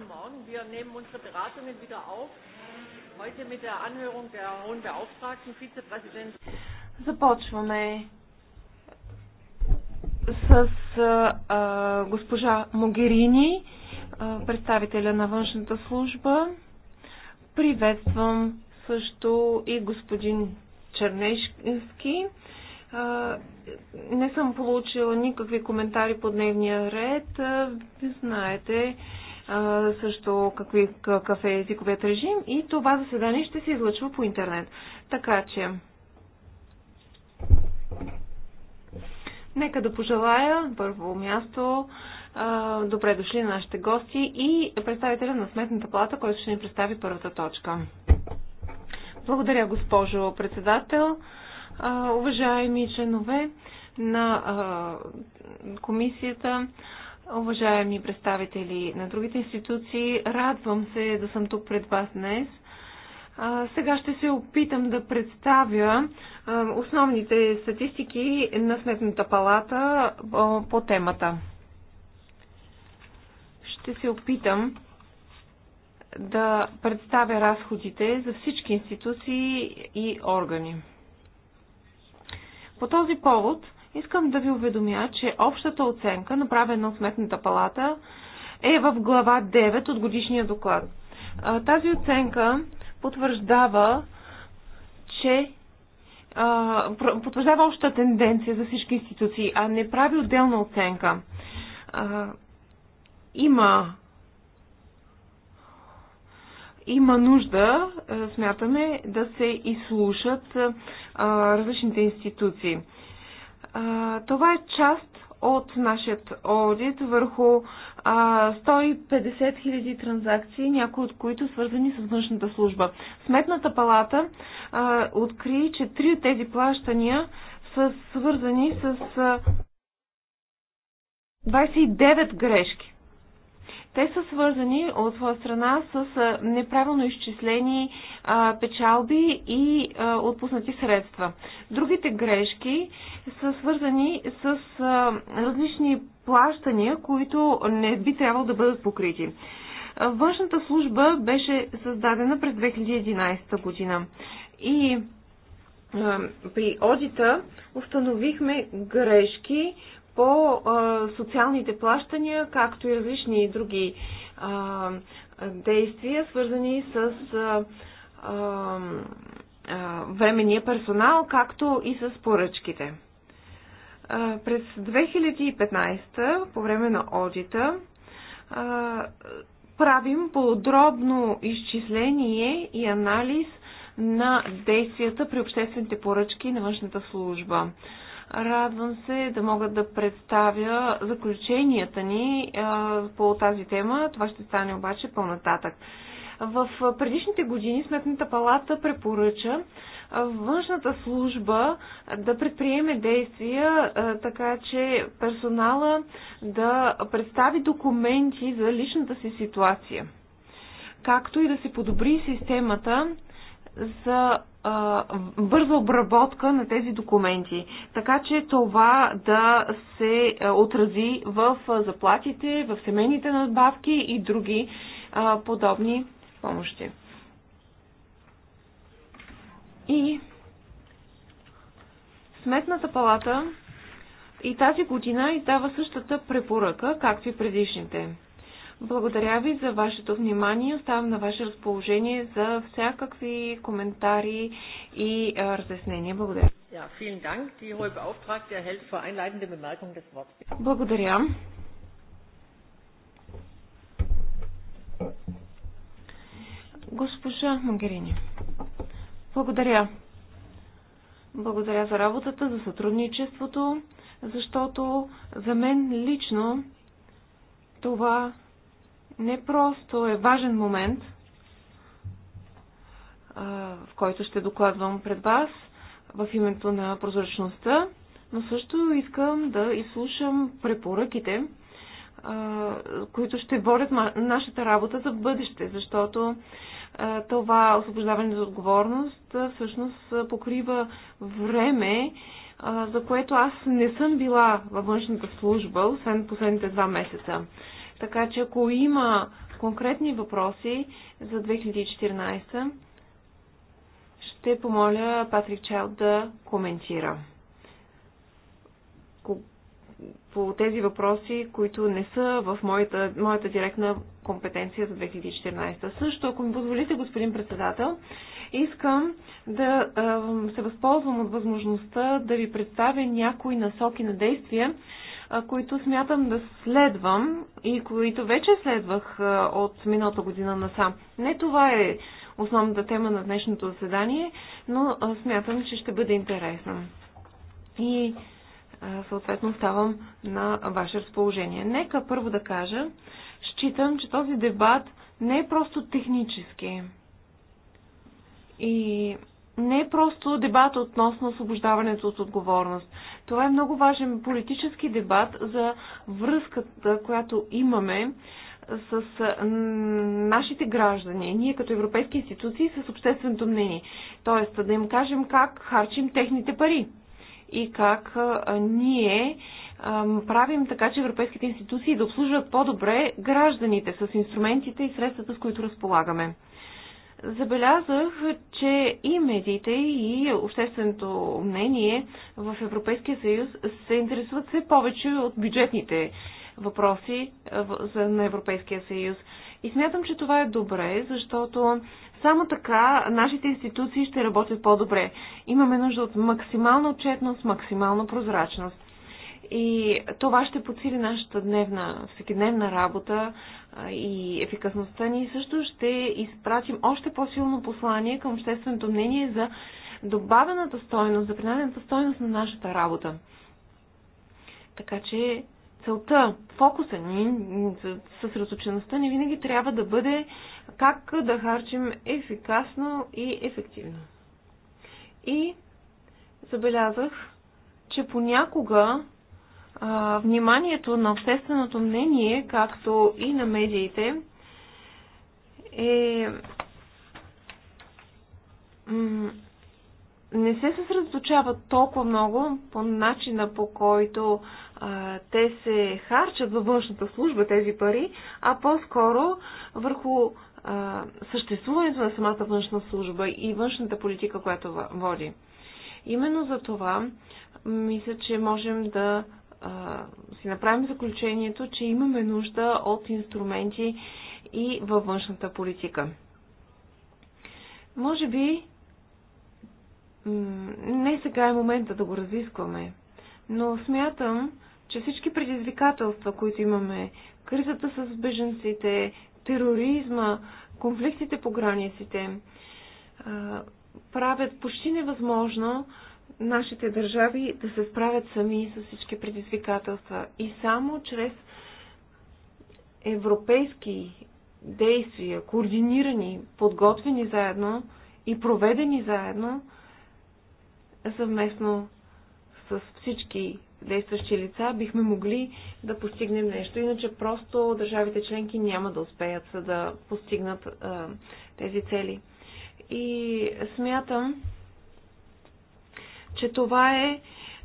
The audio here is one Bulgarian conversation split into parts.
guten Morgen. Wir nehmen unsere Beratungen wieder auf. Heute mit der Anhörung der Hohen Beauftragten, Vizepräsident. Започваме с а, госпожа Могерини, а, представителя на външната служба. Приветствам също и господин Чернешки. А, не съм получила никакви коментари по дневния ред. Знаете, също какви, какъв е езиковият режим и това заседание ще се излъчва по интернет. Така че, нека да пожелая първо място добре дошли на нашите гости и представителя на Сметната плата, който ще ни представи първата точка. Благодаря, госпожо председател. Уважаеми членове на комисията, уважаеми представители на другите институции. Радвам се да съм тук пред вас днес. Сега ще се опитам да представя основните статистики на Сметната палата по темата. Ще се опитам да представя разходите за всички институции и органи. По този повод – Искам да ви уведомя, че общата оценка, направена от Сметната палата, е в глава 9 от годишния доклад. Тази оценка потвърждава, че потвърждава общата тенденция за всички институции, а не прави отделна оценка. Има има нужда, смятаме, да се изслушат различните институции. А, това е част от нашият аудит върху а, 150 000 транзакции, някои от които свързани с външната служба. Сметната палата а, откри, че три от тези плащания са свързани с а, 29 грешки. Те са свързани от своя страна с неправилно изчислени печалби и отпуснати средства. Другите грешки са свързани с различни плащания, които не би трябвало да бъдат покрити. Външната служба беше създадена през 2011 година и при одита установихме грешки по социалните плащания, както и различни други действия, свързани с временния персонал, както и с поръчките. През 2015, по време на одита, правим подробно изчисление и анализ на действията при обществените поръчки на външната служба. Радвам се да мога да представя заключенията ни по тази тема. Това ще стане обаче по-нататък. В предишните години Сметната палата препоръча външната служба да предприеме действия, така че персонала да представи документи за личната си ситуация, както и да се подобри системата за а, бърза обработка на тези документи, така че това да се отрази в заплатите, в семейните надбавки и други а, подобни помощи. И Сметната палата и тази година издава същата препоръка, както и предишните. Благодаря ви за вашето внимание. Оставам на ваше разположение за всякакви коментари и разяснения. Благодаря. Благодаря. Госпожа Магерини, благодаря. Благодаря за работата, за сътрудничеството, защото за мен лично това не просто е важен момент, в който ще докладвам пред вас в името на прозрачността, но също искам да изслушам препоръките, които ще водят нашата работа за бъдеще, защото това освобождаване за отговорност всъщност покрива време, за което аз не съм била във външната служба, освен последните два месеца. Така че ако има конкретни въпроси за 2014, ще помоля Патрик Чайлд да коментира по тези въпроси, които не са в моята, моята директна компетенция за 2014. Също, ако ми позволите, господин председател, искам да се възползвам от възможността да ви представя някои насоки на действия, които смятам да следвам и които вече следвах от миналата година насам. Не това е основната тема на днешното заседание, но смятам, че ще бъде интересно. И съответно ставам на ваше разположение. Нека първо да кажа, считам, че този дебат не е просто технически. И не е просто дебат относно освобождаването от отговорност. Това е много важен политически дебат за връзката, която имаме с нашите граждани, ние като европейски институции, с общественото мнение. Тоест да им кажем как харчим техните пари и как ние правим така, че европейските институции да обслужват по-добре гражданите с инструментите и средствата, с които разполагаме. Забелязах, че и медиите, и общественото мнение в Европейския съюз се интересуват все повече от бюджетните въпроси е, на Европейския съюз. И смятам, че това е добре, защото само така нашите институции ще работят по-добре. Имаме нужда от максимална отчетност, максимална прозрачност. И това ще подсили нашата дневна, всекидневна работа и ефикасността ни. Също ще изпратим още по-силно послание към общественото мнение за добавената стойност, за принадената стойност на нашата работа. Така че целта, фокуса ни, съсредоточеността ни винаги трябва да бъде как да харчим ефикасно и ефективно. И забелязах, че понякога вниманието на общественото мнение, както и на медиите, е не се съсредоточават толкова много по начина по който а, те се харчат във външната служба тези пари, а по-скоро върху а, съществуването на самата външна служба и външната политика, която води. Именно за това мисля, че можем да а, си направим заключението, че имаме нужда от инструменти и във външната политика. Може би не сега е момента да го разискваме, но смятам, че всички предизвикателства, които имаме, кризата с беженците, тероризма, конфликтите по границите, правят почти невъзможно нашите държави да се справят сами с всички предизвикателства. И само чрез европейски действия, координирани, подготвени заедно и проведени заедно, съвместно с всички действащи лица, бихме могли да постигнем нещо. Иначе просто държавите членки няма да успеят да постигнат а, тези цели. И смятам, че това е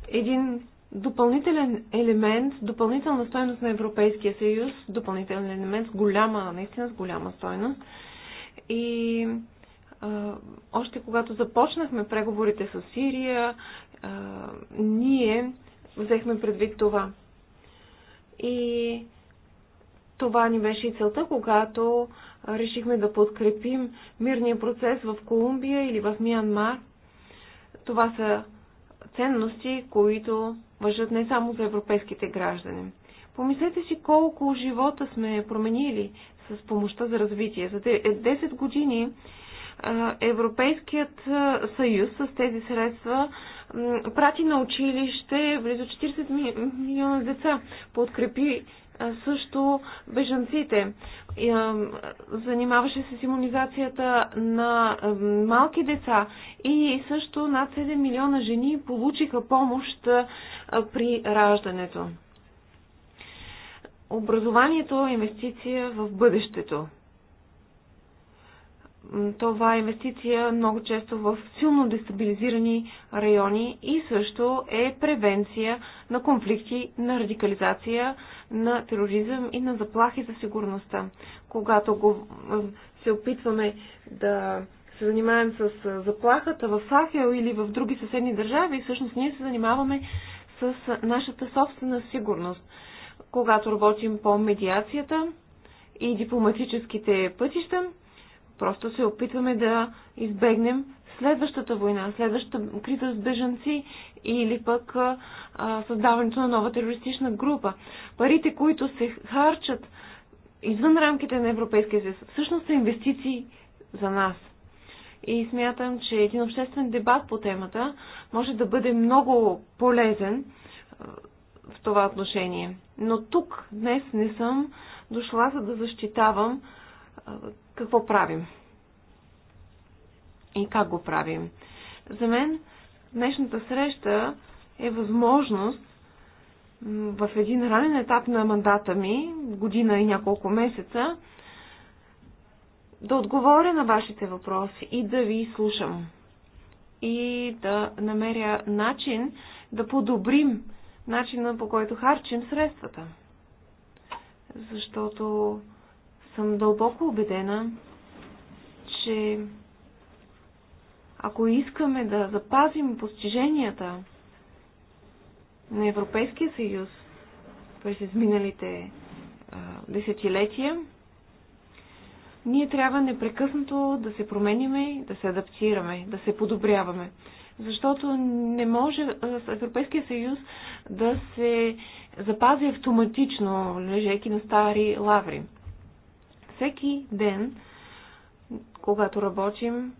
един допълнителен елемент, допълнителна стойност на Европейския съюз, допълнителен елемент с голяма, наистина с голяма стойност. И а, още когато започнахме преговорите с Сирия, а, ние взехме предвид това. И това ни беше и целта, когато решихме да подкрепим мирния процес в Колумбия или в Миянмар. Това са ценности, които въжат не само за европейските граждани. Помислете си колко живота сме променили с помощта за развитие. За 10 години Европейският съюз с тези средства прати на училище близо 40 милиона деца, подкрепи също бежанците. Занимаваше се с иммунизацията на малки деца и също над 7 милиона жени получиха помощ при раждането. Образованието е инвестиция в бъдещето това е инвестиция много често в силно дестабилизирани райони и също е превенция на конфликти, на радикализация, на тероризъм и на заплахи за сигурността. Когато го, се опитваме да се занимаем с заплахата в Сахел или в други съседни държави, всъщност ние се занимаваме с нашата собствена сигурност. Когато работим по медиацията и дипломатическите пътища, Просто се опитваме да избегнем следващата война, следващата криза с бежанци или пък а, създаването на нова терористична група. Парите, които се харчат извън рамките на Европейския съюз, всъщност са инвестиции за нас. И смятам, че един обществен дебат по темата може да бъде много полезен в това отношение. Но тук днес не съм дошла за да защитавам какво правим и как го правим. За мен днешната среща е възможност в един ранен етап на мандата ми, година и няколко месеца, да отговоря на вашите въпроси и да ви слушам. И да намеря начин да подобрим начина по който харчим средствата. Защото съм дълбоко убедена, че ако искаме да запазим постиженията на Европейския съюз през изминалите а, десетилетия, ние трябва непрекъснато да се променяме, да се адаптираме, да се подобряваме. Защото не може Европейския съюз да се запази автоматично, лежейки на стари лаври всеки ден, когато работим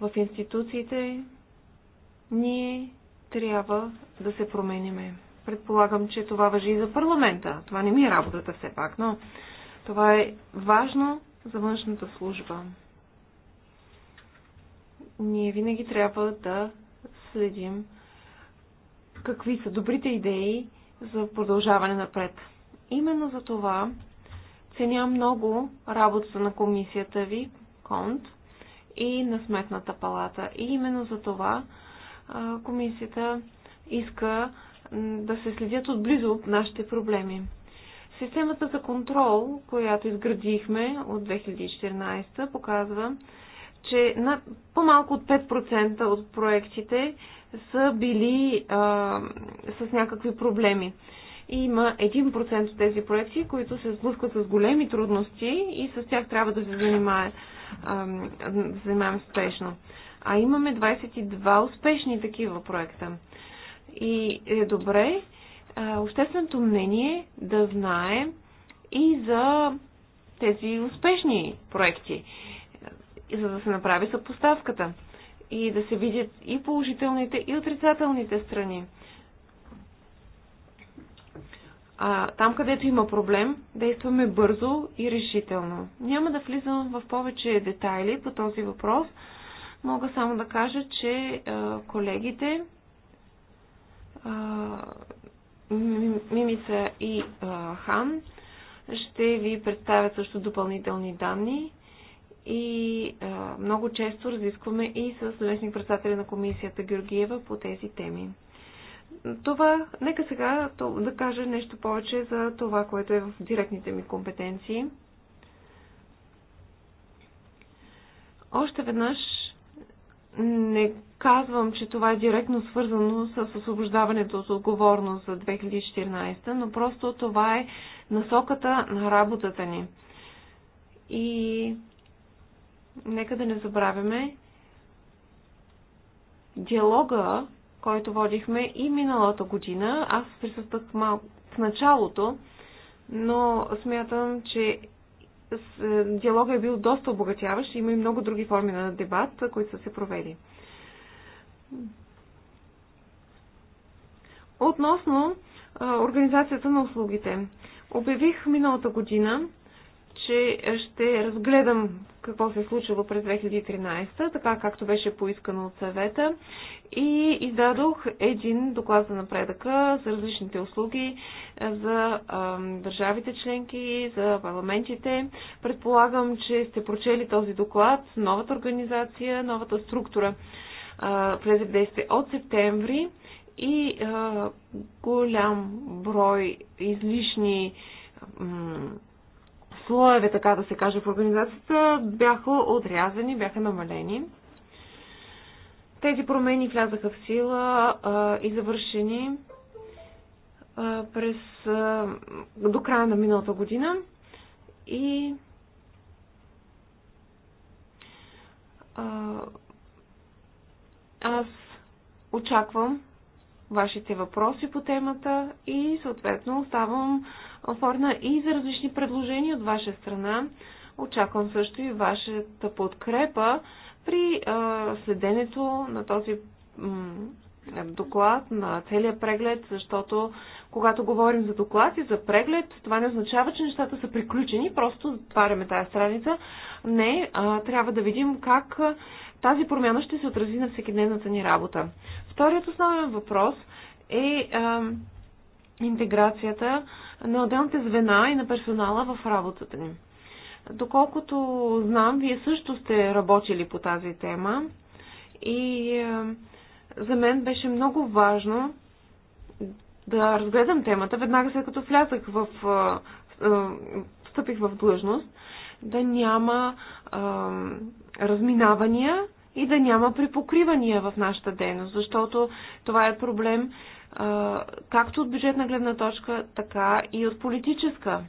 в институциите, ние трябва да се промениме. Предполагам, че това въжи и за парламента. Това не ми е работата все пак, но това е важно за външната служба. Ние винаги трябва да следим какви са добрите идеи за продължаване напред. Именно за това Ценя много работата на комисията ви, КОНТ, и на Сметната палата. И именно за това комисията иска да се следят отблизо от нашите проблеми. Системата за контрол, която изградихме от 2014, показва, че на по-малко от 5% от проектите са били а, с някакви проблеми. Има 1% от тези проекти, които се сблъскват с големи трудности и с тях трябва да се занимае, да занимаем спешно. А имаме 22 успешни такива проекта. И е добре общественото мнение да знае и за тези успешни проекти, за да се направи съпоставката и да се видят и положителните, и отрицателните страни а, там, където има проблем, действаме бързо и решително. Няма да влизам в повече детайли по този въпрос. Мога само да кажа, че а, колегите а, Мимица и а, Хан ще ви представят също допълнителни данни и а, много често разискваме и с заместник председателя на комисията Георгиева по тези теми това, нека сега да кажа нещо повече за това, което е в директните ми компетенции. Още веднъж не казвам, че това е директно свързано с освобождаването от отговорност за 2014, но просто това е насоката на работата ни. И нека да не забравяме, диалога който водихме и миналата година. Аз присъствах малко в началото, но смятам, че е, диалогът е бил доста обогатяващ. Има и много други форми на дебат, които са се провели. Относно а, организацията на услугите. Обявих миналата година, че ще разгледам какво се е случило през 2013, така както беше поискано от съвета и издадох един доклад за напредъка за различните услуги е, за а, е, държавите членки, за парламентите. Предполагам, че сте прочели този доклад, новата организация, новата структура е, влезе в действие от септември и а, голям брой излишни слоеве, така да се каже, в организацията бяха отрязани, бяха намалени. Тези промени влязаха в сила а, и завършени а, през, а, до края на миналата година и а, аз очаквам вашите въпроси по темата и съответно оставам оформена и за различни предложения от ваша страна. Очаквам също и вашата подкрепа при следенето на този доклад, на целият преглед, защото когато говорим за доклад и за преглед, това не означава, че нещата са приключени, просто затваряме тази страница. Не, трябва да видим как тази промяна ще се отрази на всекидневната ни работа. Вторият основен въпрос е а, интеграцията на отделните звена и на персонала в работата ни. Доколкото знам, вие също сте работили по тази тема и е, за мен беше много важно да разгледам темата веднага след като влязах в, е, е, встъпих в длъжност, да няма разминавания и да няма припокривания в нашата дейност, защото това е проблем както от бюджетна гледна точка, така и от политическа.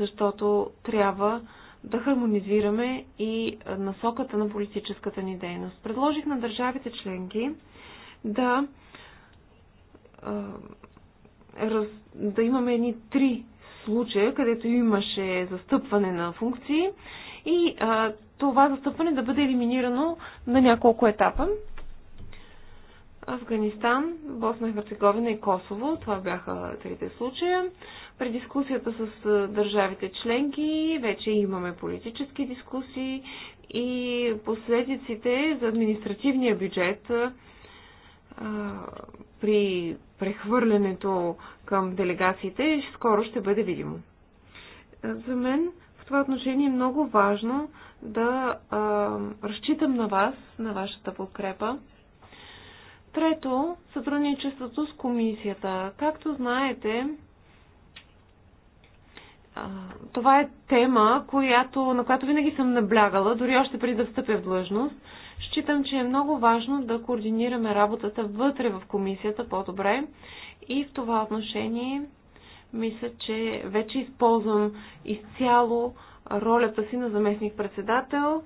Защото трябва да хармонизираме и насоката на политическата ни дейност. Предложих на държавите членки да, да имаме едни три случая, където имаше застъпване на функции и това застъпване да бъде елиминирано на няколко етапа. Афганистан, Босна и Херцеговина и Косово. Това бяха трите случая. При дискусията с държавите членки вече имаме политически дискусии и последиците за административния бюджет при прехвърлянето към делегациите скоро ще бъде видимо. За мен в това отношение е много важно да а, разчитам на вас, на вашата подкрепа. Трето, сътрудничеството с комисията. Както знаете, това е тема, която, на която винаги съм наблягала, дори още преди да встъпя в длъжност. Считам, че е много важно да координираме работата вътре в комисията по-добре и в това отношение мисля, че вече използвам изцяло ролята си на заместник-председател.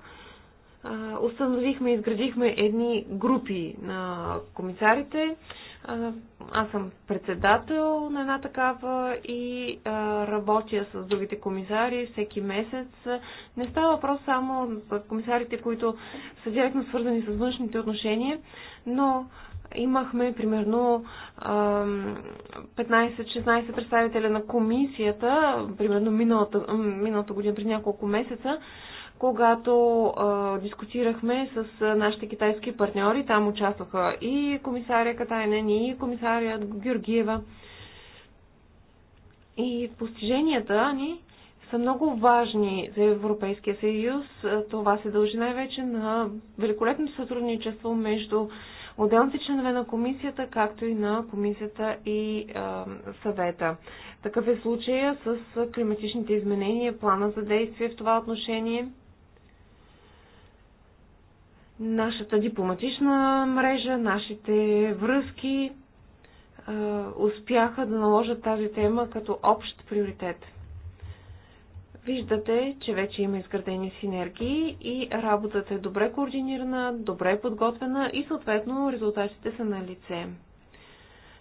Установихме и изградихме едни групи на комисарите. Аз съм председател на една такава и работя с другите комисари всеки месец. Не става въпрос само за комисарите, които са директно свързани с външните отношения, но имахме примерно 15-16 представителя на комисията, примерно миналата, миналата година, при няколко месеца, когато а, дискутирахме с нашите китайски партньори. Там участваха и комисария Катайнен, и комисария Георгиева. И постиженията ни са много важни за Европейския съюз. Това се дължи най-вече на великолепно сътрудничество между отделните членове на комисията, както и на комисията и а, съвета. Такъв е случая с климатичните изменения, плана за действие в това отношение. Нашата дипломатична мрежа, нашите връзки а, успяха да наложат тази тема като общ приоритет. Виждате, че вече има изградени синергии и работата е добре координирана, добре подготвена и съответно резултатите са на лице.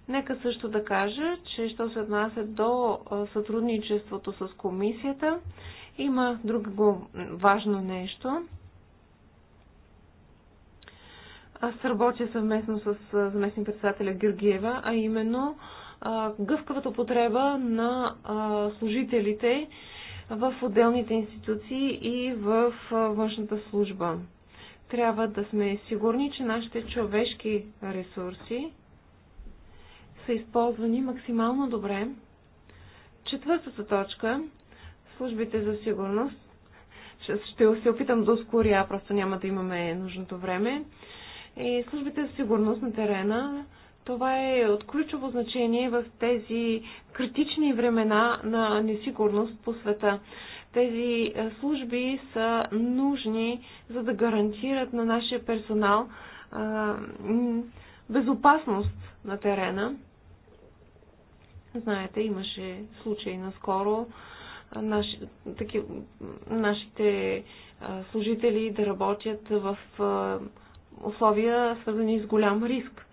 Нека също да кажа, че що се отнася до сътрудничеството с комисията, има друго важно нещо. Аз работя съвместно с заместник председателя Георгиева, а именно гъвкавата потреба на служителите в отделните институции и в външната служба. Трябва да сме сигурни, че нашите човешки ресурси са използвани максимално добре. Четвъртата точка службите за сигурност. Ще се опитам да ускоря, просто няма да имаме нужното време. И службите за сигурност на терена това е от ключово значение в тези критични времена на несигурност по света. Тези е, служби са нужни, за да гарантират на нашия персонал а, е, безопасност на терена. Знаете, имаше случаи наскоро е, наши, таки, нашите а, служители да работят в а, условия, свързани с голям риск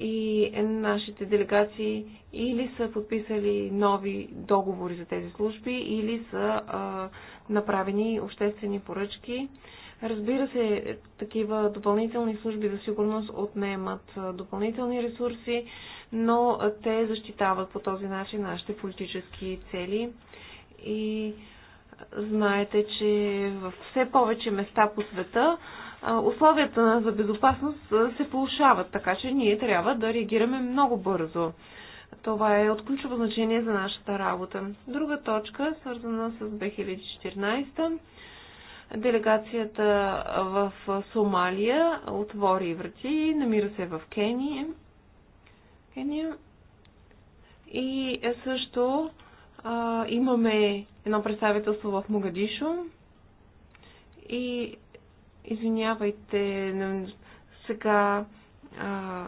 и нашите делегации или са подписали нови договори за тези служби, или са а, направени обществени поръчки. Разбира се, такива допълнителни служби за сигурност отнемат допълнителни ресурси, но те защитават по този начин нашите политически цели и знаете, че в все повече места по света условията за безопасност се получават, така че ние трябва да реагираме много бързо. Това е от ключово значение за нашата работа. Друга точка, свързана с 2014, делегацията в Сомалия отвори врати, намира се в Кения. Кения. И също а, имаме едно представителство в Могадишо и извинявайте, сега а,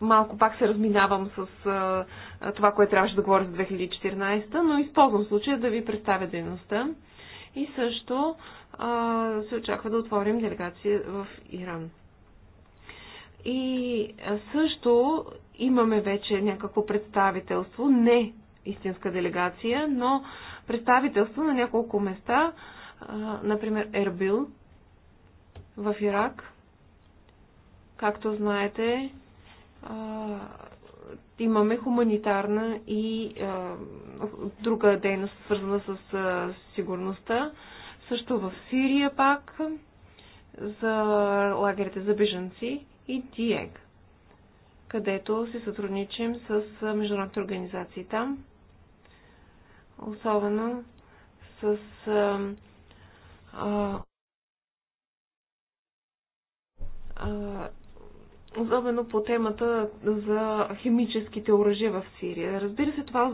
малко пак се разминавам с а, това, което трябваше да говоря за 2014, но използвам случая да ви представя дейността. И също а, се очаква да отворим делегация в Иран. И също имаме вече някакво представителство, не истинска делегация, но представителство на няколко места, а, например Ербил, в Ирак. Както знаете, имаме хуманитарна и а, друга дейност, свързана с а, сигурността. Също в Сирия пак за лагерите за бежанци и ДИЕГ, където се сътрудничим с международните организации там, особено с а, а, особено по темата за химическите оръжия в Сирия. Разбира се, това,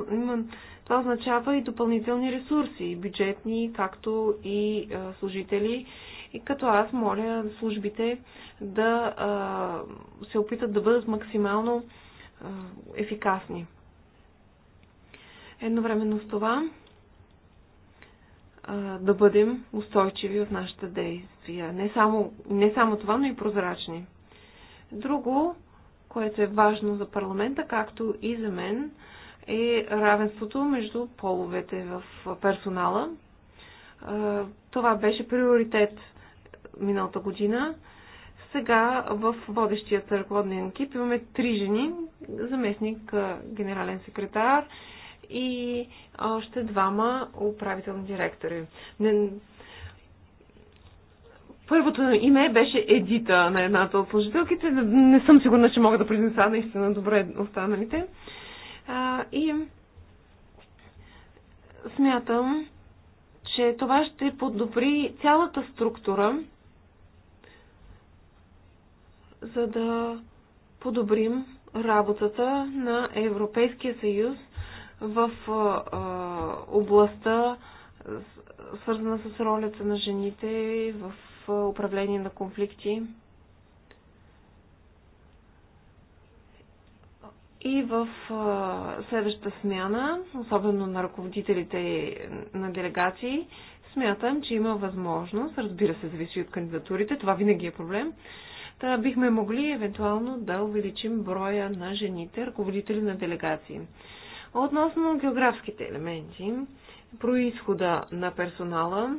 това означава и допълнителни ресурси, бюджетни, както и служители. И като аз моля службите да а, се опитат да бъдат максимално а, ефикасни. Едновременно с това а, да бъдем устойчиви в нашата дейност действия. Не само, не само това, но и прозрачни. Друго, което е важно за парламента, както и за мен, е равенството между половете в персонала. Това беше приоритет миналата година. Сега в водещия ръководен екип имаме три жени, заместник генерален секретар и още двама управителни директори. Първото име беше Едита на едната от служителките. Не съм сигурна, че мога да произнеса наистина добре останалите. А, и смятам, че това ще подобри цялата структура, за да подобрим работата на Европейския съюз в а, областта, свързана с ролята на жените в управление на конфликти и в следващата смяна, особено на ръководителите на делегации, смятам, че има възможност, разбира се, зависи от кандидатурите, това винаги е проблем, да бихме могли евентуално да увеличим броя на жените, ръководители на делегации. Относно географските елементи, происхода на персонала,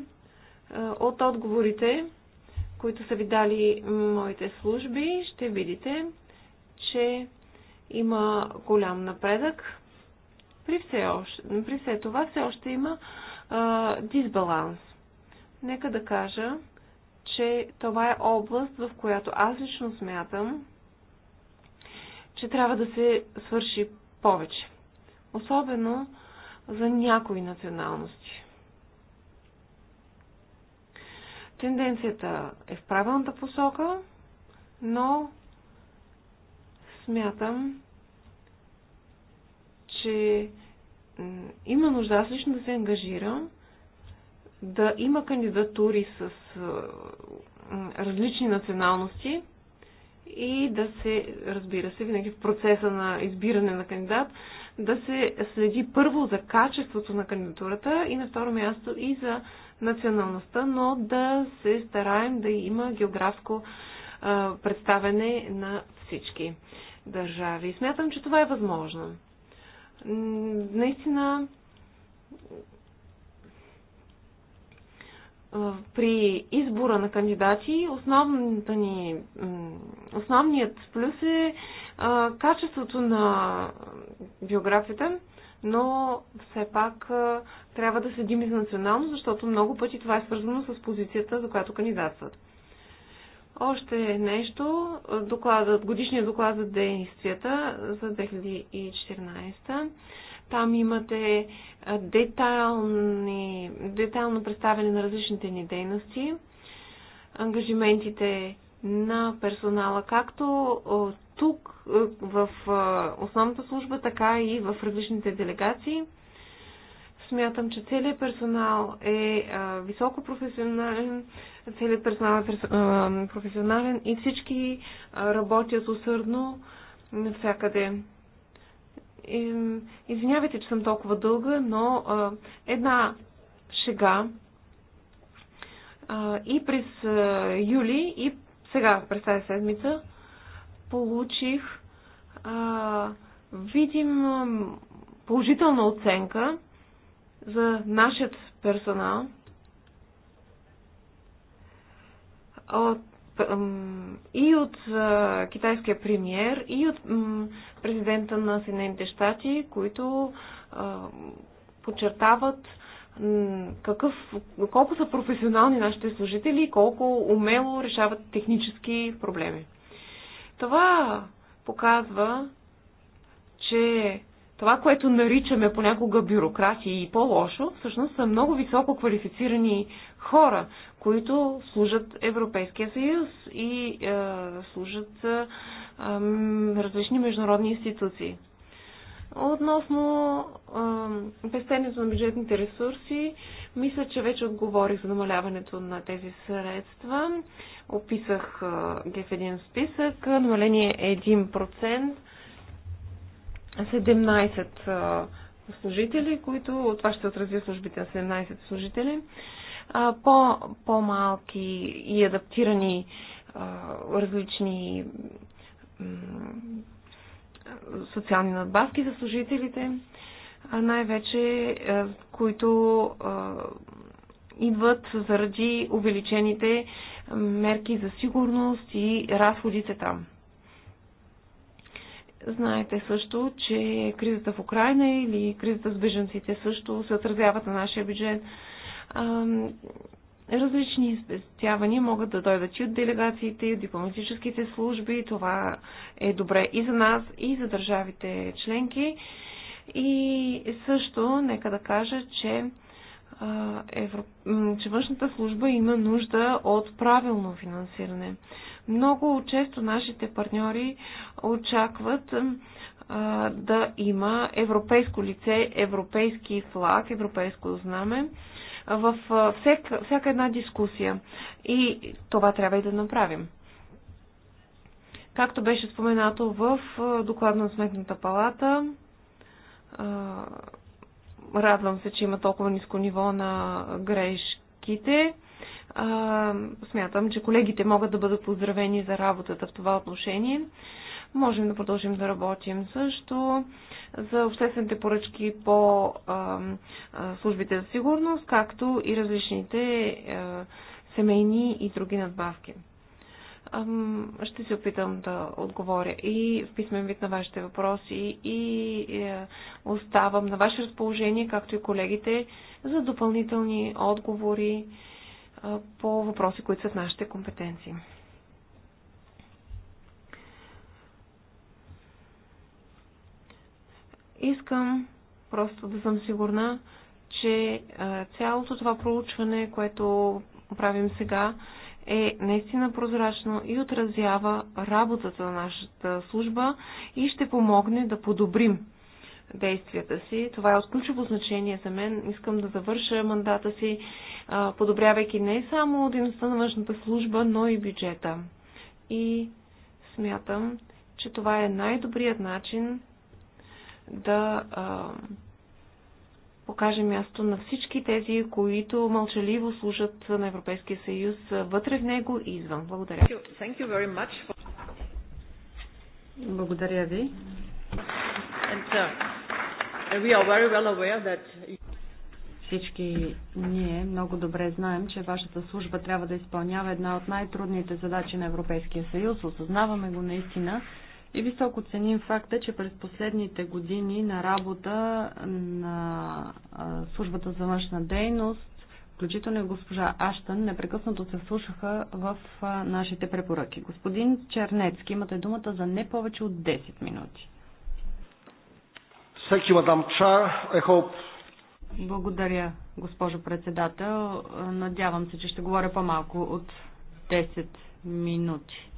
е, от отговорите, които са ви дали моите служби, ще видите, че има голям напредък. При все, още, при все това все още има а, е, дисбаланс. Нека да кажа, че това е област, в която аз лично смятам, че трябва да се свърши повече. Особено за някои националности. Тенденцията е в правилната посока, но смятам, че има нужда аз лично да се ангажирам да има кандидатури с различни националности и да се, разбира се, винаги в процеса на избиране на кандидат, да се следи първо за качеството на кандидатурата и на второ място и за националността, но да се стараем да има географско представене на всички държави. Смятам, че това е възможно. Наистина, при избора на кандидати ни, основният плюс е качеството на биографията но все пак трябва да седим и за национално, защото много пъти това е свързано с позицията, за която кандидатстват. Още нещо, докладът, годишният доклад за действията за 2014. Там имате детайлни, детайлно представяне на различните ни дейности, ангажиментите на персонала, както от тук е, в е, основната служба, така и в различните делегации. Смятам, че целият персонал е, е високо професионален, целият персонал е професионален и всички работят усърдно навсякъде. Извинявайте, че съм толкова дълга, но една шега и през юли, и сега, през тази седмица, получих а, видим положителна оценка за нашият персонал от, и от а, китайския премьер, и от м, президента на Съединените щати, които а, подчертават какъв, колко са професионални нашите служители и колко умело решават технически проблеми. Това показва, че това, което наричаме понякога бюрократи и по-лошо, всъщност са много високо квалифицирани хора, които служат Европейския съюз и е, служат е, е, различни международни институции. Относно пестенето на бюджетните ресурси, мисля, че вече отговорих за намаляването на тези средства. Описах ги в един списък. Намаление е 1%, 17 служители, които това ще отрази службите на 17 служители. По, по-малки и адаптирани различни социални надбавки за служителите, най-вече е, които е, идват заради увеличените мерки за сигурност и разходите там. Знаете също, че кризата в Украина или кризата с беженците също се отразяват на нашия бюджет. Различни спестявания могат да дойдат и от делегациите, и от дипломатическите служби. Това е добре и за нас, и за държавите членки. И също, нека да кажа, че, Евро... че външната служба има нужда от правилно финансиране. Много често нашите партньори очакват а, да има европейско лице, европейски флаг, европейско знаме в всяка, всяка една дискусия. И това трябва и да направим. Както беше споменато в доклад на Сметната палата, радвам се, че има толкова ниско ниво на грешките. Смятам, че колегите могат да бъдат поздравени за работата в това отношение. Можем да продължим да работим също за обществените поръчки по службите за сигурност, както и различните семейни и други надбавки. Ще се опитам да отговоря и в писмен вид на вашите въпроси и е, оставам на ваше разположение, както и колегите, за допълнителни отговори по въпроси, които са в нашите компетенции. Искам просто да съм сигурна, че цялото това проучване, което правим сега, е наистина прозрачно и отразява работата на нашата служба и ще помогне да подобрим действията си. Това е от ключово значение за мен. Искам да завърша мандата си, подобрявайки не само дейността на външната служба, но и бюджета. И смятам, че това е най-добрият начин да а, покаже място на всички тези, които мълчаливо служат на Европейския съюз вътре в него и извън. Благодаря. Thank you very much for... Благодаря ви. And, uh, we are very well aware that... Всички ние много добре знаем, че вашата служба трябва да изпълнява една от най-трудните задачи на Европейския съюз. Осъзнаваме го наистина и високо ценим факта, че през последните години на работа на службата за външна дейност, включително и госпожа Аштън, непрекъснато се слушаха в нашите препоръки. Господин Чернецки, имате думата за не повече от 10 минути. Всеки мадам Чар, благодаря, госпожо председател. Надявам се, че ще говоря по-малко от 10 минути.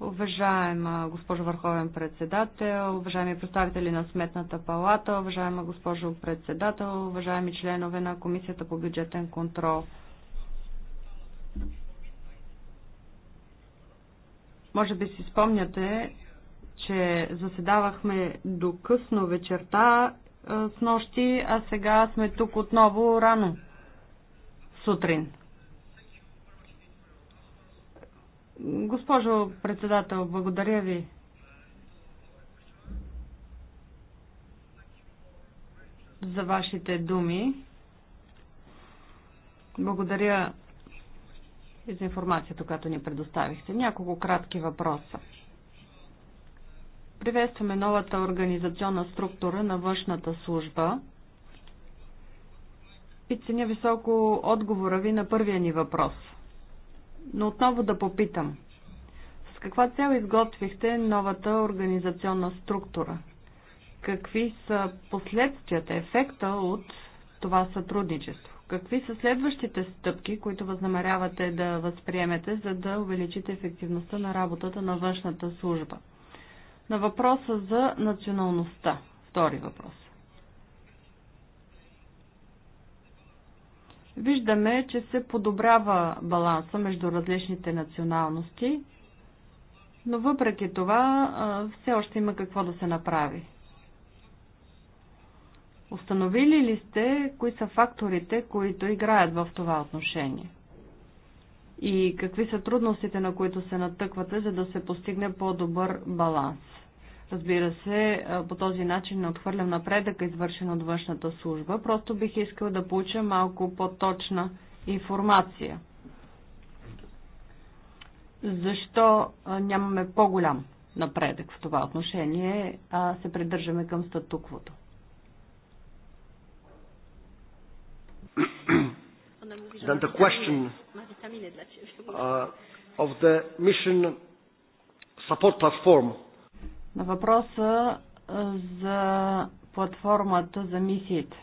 Уважаема госпожо Върховен председател, уважаеми представители на Сметната палата, уважаема госпожо председател, уважаеми членове на Комисията по бюджетен контрол. Може би си спомняте, че заседавахме до късно вечерта с нощи, а сега сме тук отново рано сутрин. Госпожо председател, благодаря ви. за вашите думи. Благодаря и за информацията, която ни предоставихте. Няколко кратки въпроса. Приветстваме новата организационна структура на външната служба и ценя високо отговора ви на първия ни въпрос – но отново да попитам. С каква цел изготвихте новата организационна структура? Какви са последствията, ефекта от това сътрудничество? Какви са следващите стъпки, които възнамерявате да възприемете, за да увеличите ефективността на работата на външната служба? На въпроса за националността. Втори въпрос. Виждаме, че се подобрява баланса между различните националности, но въпреки това все още има какво да се направи. Установили ли сте кои са факторите, които играят в това отношение? И какви са трудностите, на които се натъквате, за да се постигне по-добър баланс? Разбира се, по този начин не отхвърлям напредъка, извършен от външната служба. Просто бих искал да получа малко по-точна информация. Защо нямаме по-голям напредък в това отношение, а се придържаме към статуквото? Then the question uh, of the mission support platform на въпроса за платформата за мисиите.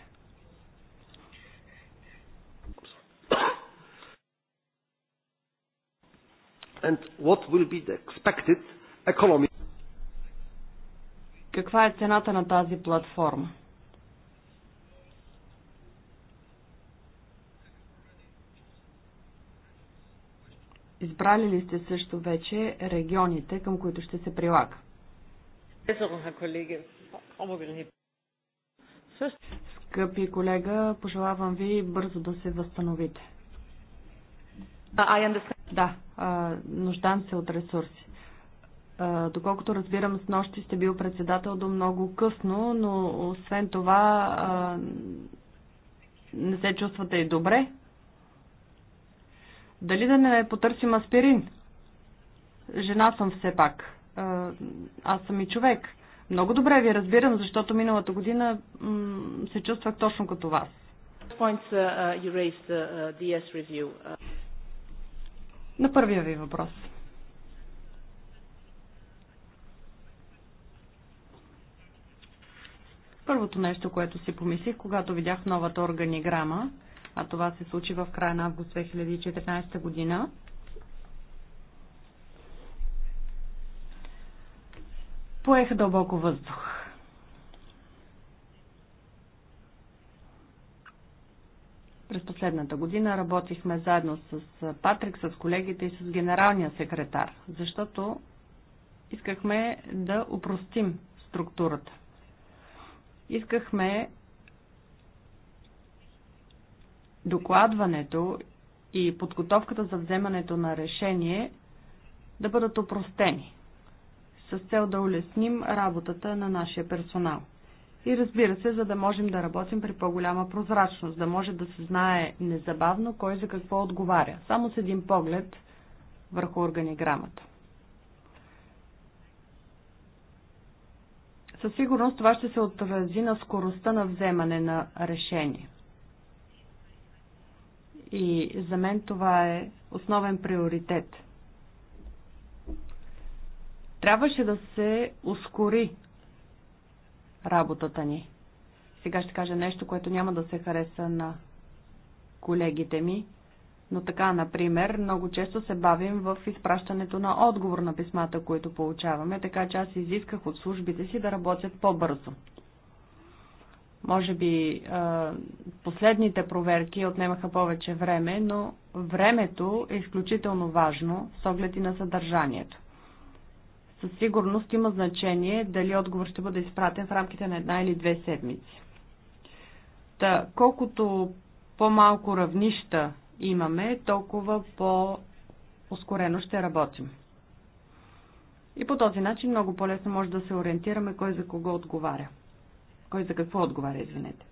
And what will be the expected economy? Каква е цената на тази платформа? Избрали ли сте също вече регионите, към които ще се прилага? Скъпи колега, пожелавам ви бързо да се възстановите. Да, нуждам се от ресурси. Доколкото разбирам, с нощи сте бил председател до много късно, но освен това не се чувствате и добре. Дали да не потърсим аспирин? Жена съм все пак аз съм и човек. Много добре ви разбирам, защото миналата година се чувствах точно като вас. Uh, uh, uh, на първия ви въпрос. Първото нещо, което си помислих, когато видях новата органиграма, а това се случи в края на август 2014 година, Поех дълбоко въздух. През последната година работихме заедно с Патрик, с колегите и с генералния секретар, защото искахме да упростим структурата. Искахме докладването и подготовката за вземането на решение да бъдат опростени с цел да улесним работата на нашия персонал. И разбира се, за да можем да работим при по-голяма прозрачност, да може да се знае незабавно кой за какво отговаря, само с един поглед върху органиграмата. Със сигурност това ще се отрази на скоростта на вземане на решение. И за мен това е основен приоритет – Трябваше да се ускори работата ни. Сега ще кажа нещо, което няма да се хареса на колегите ми, но така, например, много често се бавим в изпращането на отговор на писмата, които получаваме, така че аз изисках от службите си да работят по-бързо. Може би последните проверки отнемаха повече време, но времето е изключително важно с оглед и на съдържанието със сигурност има значение дали отговор ще бъде изпратен в рамките на една или две седмици. Та, колкото по-малко равнища имаме, толкова по-ускорено ще работим. И по този начин много по-лесно може да се ориентираме кой за кого отговаря. Кой за какво отговаря, извинете.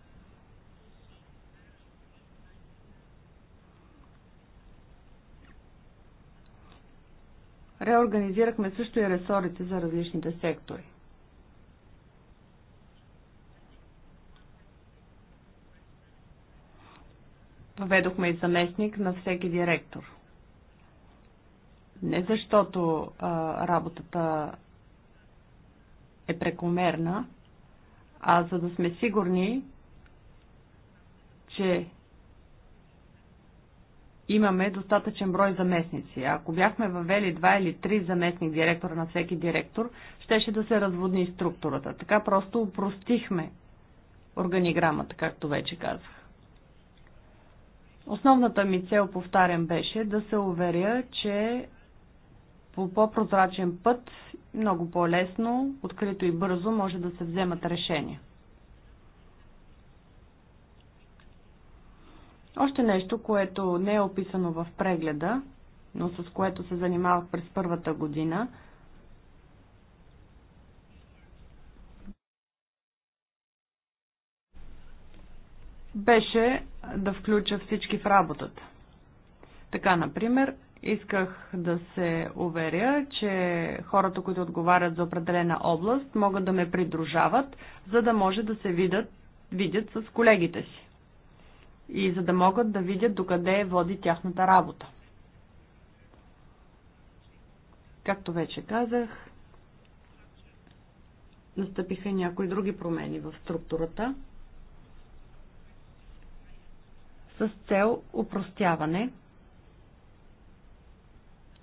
Реорганизирахме също и ресорите за различните сектори. Поведохме и заместник на всеки директор. Не защото а, работата е прекомерна, а за да сме сигурни, че имаме достатъчен брой заместници. Ако бяхме въвели два или три заместник директора на всеки директор, щеше да се разводни структурата. Така просто упростихме органиграмата, както вече казах. Основната ми цел, повтарям, беше да се уверя, че по по-прозрачен път, много по-лесно, открито и бързо може да се вземат решения. Още нещо, което не е описано в прегледа, но с което се занимавах през първата година, беше да включа всички в работата. Така, например, исках да се уверя, че хората, които отговарят за определена област, могат да ме придружават, за да може да се видят, видят с колегите си и за да могат да видят докъде води тяхната работа. Както вече казах, настъпиха някои други промени в структурата с цел упростяване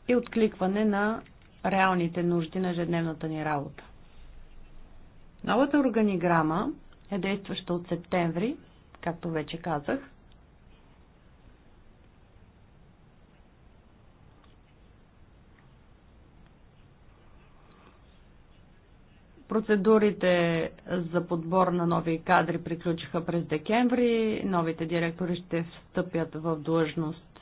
и откликване на реалните нужди на ежедневната ни работа. Новата органиграма е действаща от септември, както вече казах, Процедурите за подбор на нови кадри приключиха през декември. Новите директори ще встъпят в длъжност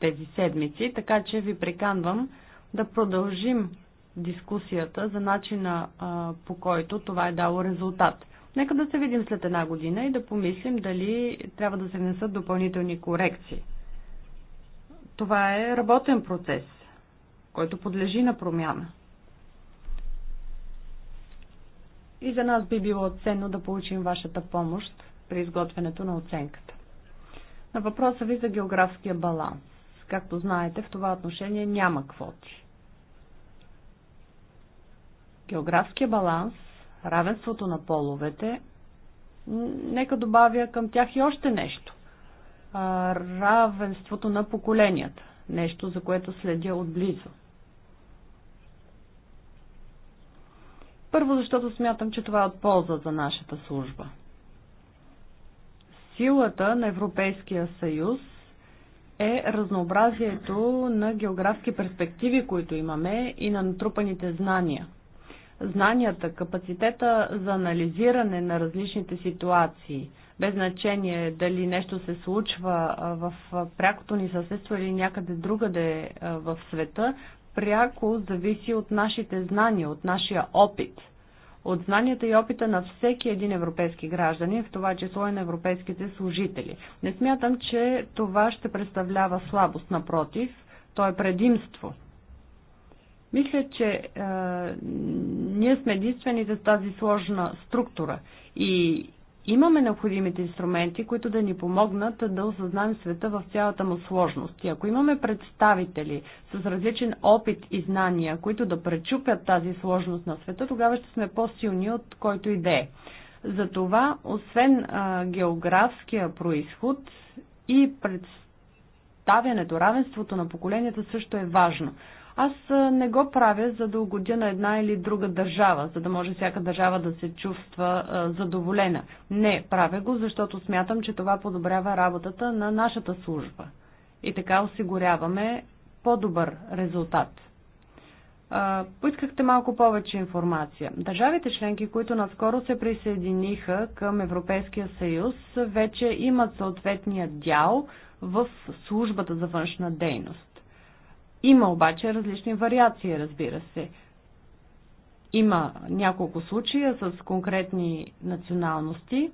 тези седмици, така че ви приканвам да продължим дискусията за начина а, по който това е дало резултат. Нека да се видим след една година и да помислим дали трябва да се внесат допълнителни корекции. Това е работен процес, който подлежи на промяна. и за нас би било ценно да получим вашата помощ при изготвянето на оценката. На въпроса ви за географския баланс. Както знаете, в това отношение няма квоти. Географския баланс, равенството на половете, нека добавя към тях и още нещо. равенството на поколенията, нещо за което следя отблизо. Първо, защото смятам, че това е от полза за нашата служба. Силата на Европейския съюз е разнообразието на географски перспективи, които имаме и на натрупаните знания. Знанията, капацитета за анализиране на различните ситуации, без значение дали нещо се случва в прякото ни съседство или някъде другаде в света, пряко зависи от нашите знания, от нашия опит. От знанията и опита на всеки един европейски гражданин, в това число и на европейските служители. Не смятам, че това ще представлява слабост, напротив, то е предимство. Мисля, че е, ние сме единствените с тази сложна структура и имаме необходимите инструменти, които да ни помогнат да осъзнаем света в цялата му сложност. И ако имаме представители с различен опит и знания, които да пречупят тази сложност на света, тогава ще сме по-силни от който и да е. Затова, освен а, географския происход и представителите, поставянето, равенството на поколенията също е важно. Аз не го правя, за да угодя на една или друга държава, за да може всяка държава да се чувства задоволена. Не, правя го, защото смятам, че това подобрява работата на нашата служба. И така осигуряваме по-добър резултат поискахте малко повече информация. Държавите членки, които наскоро се присъединиха към Европейския съюз, вече имат съответния дял в службата за външна дейност. Има обаче различни вариации, разбира се. Има няколко случая с конкретни националности,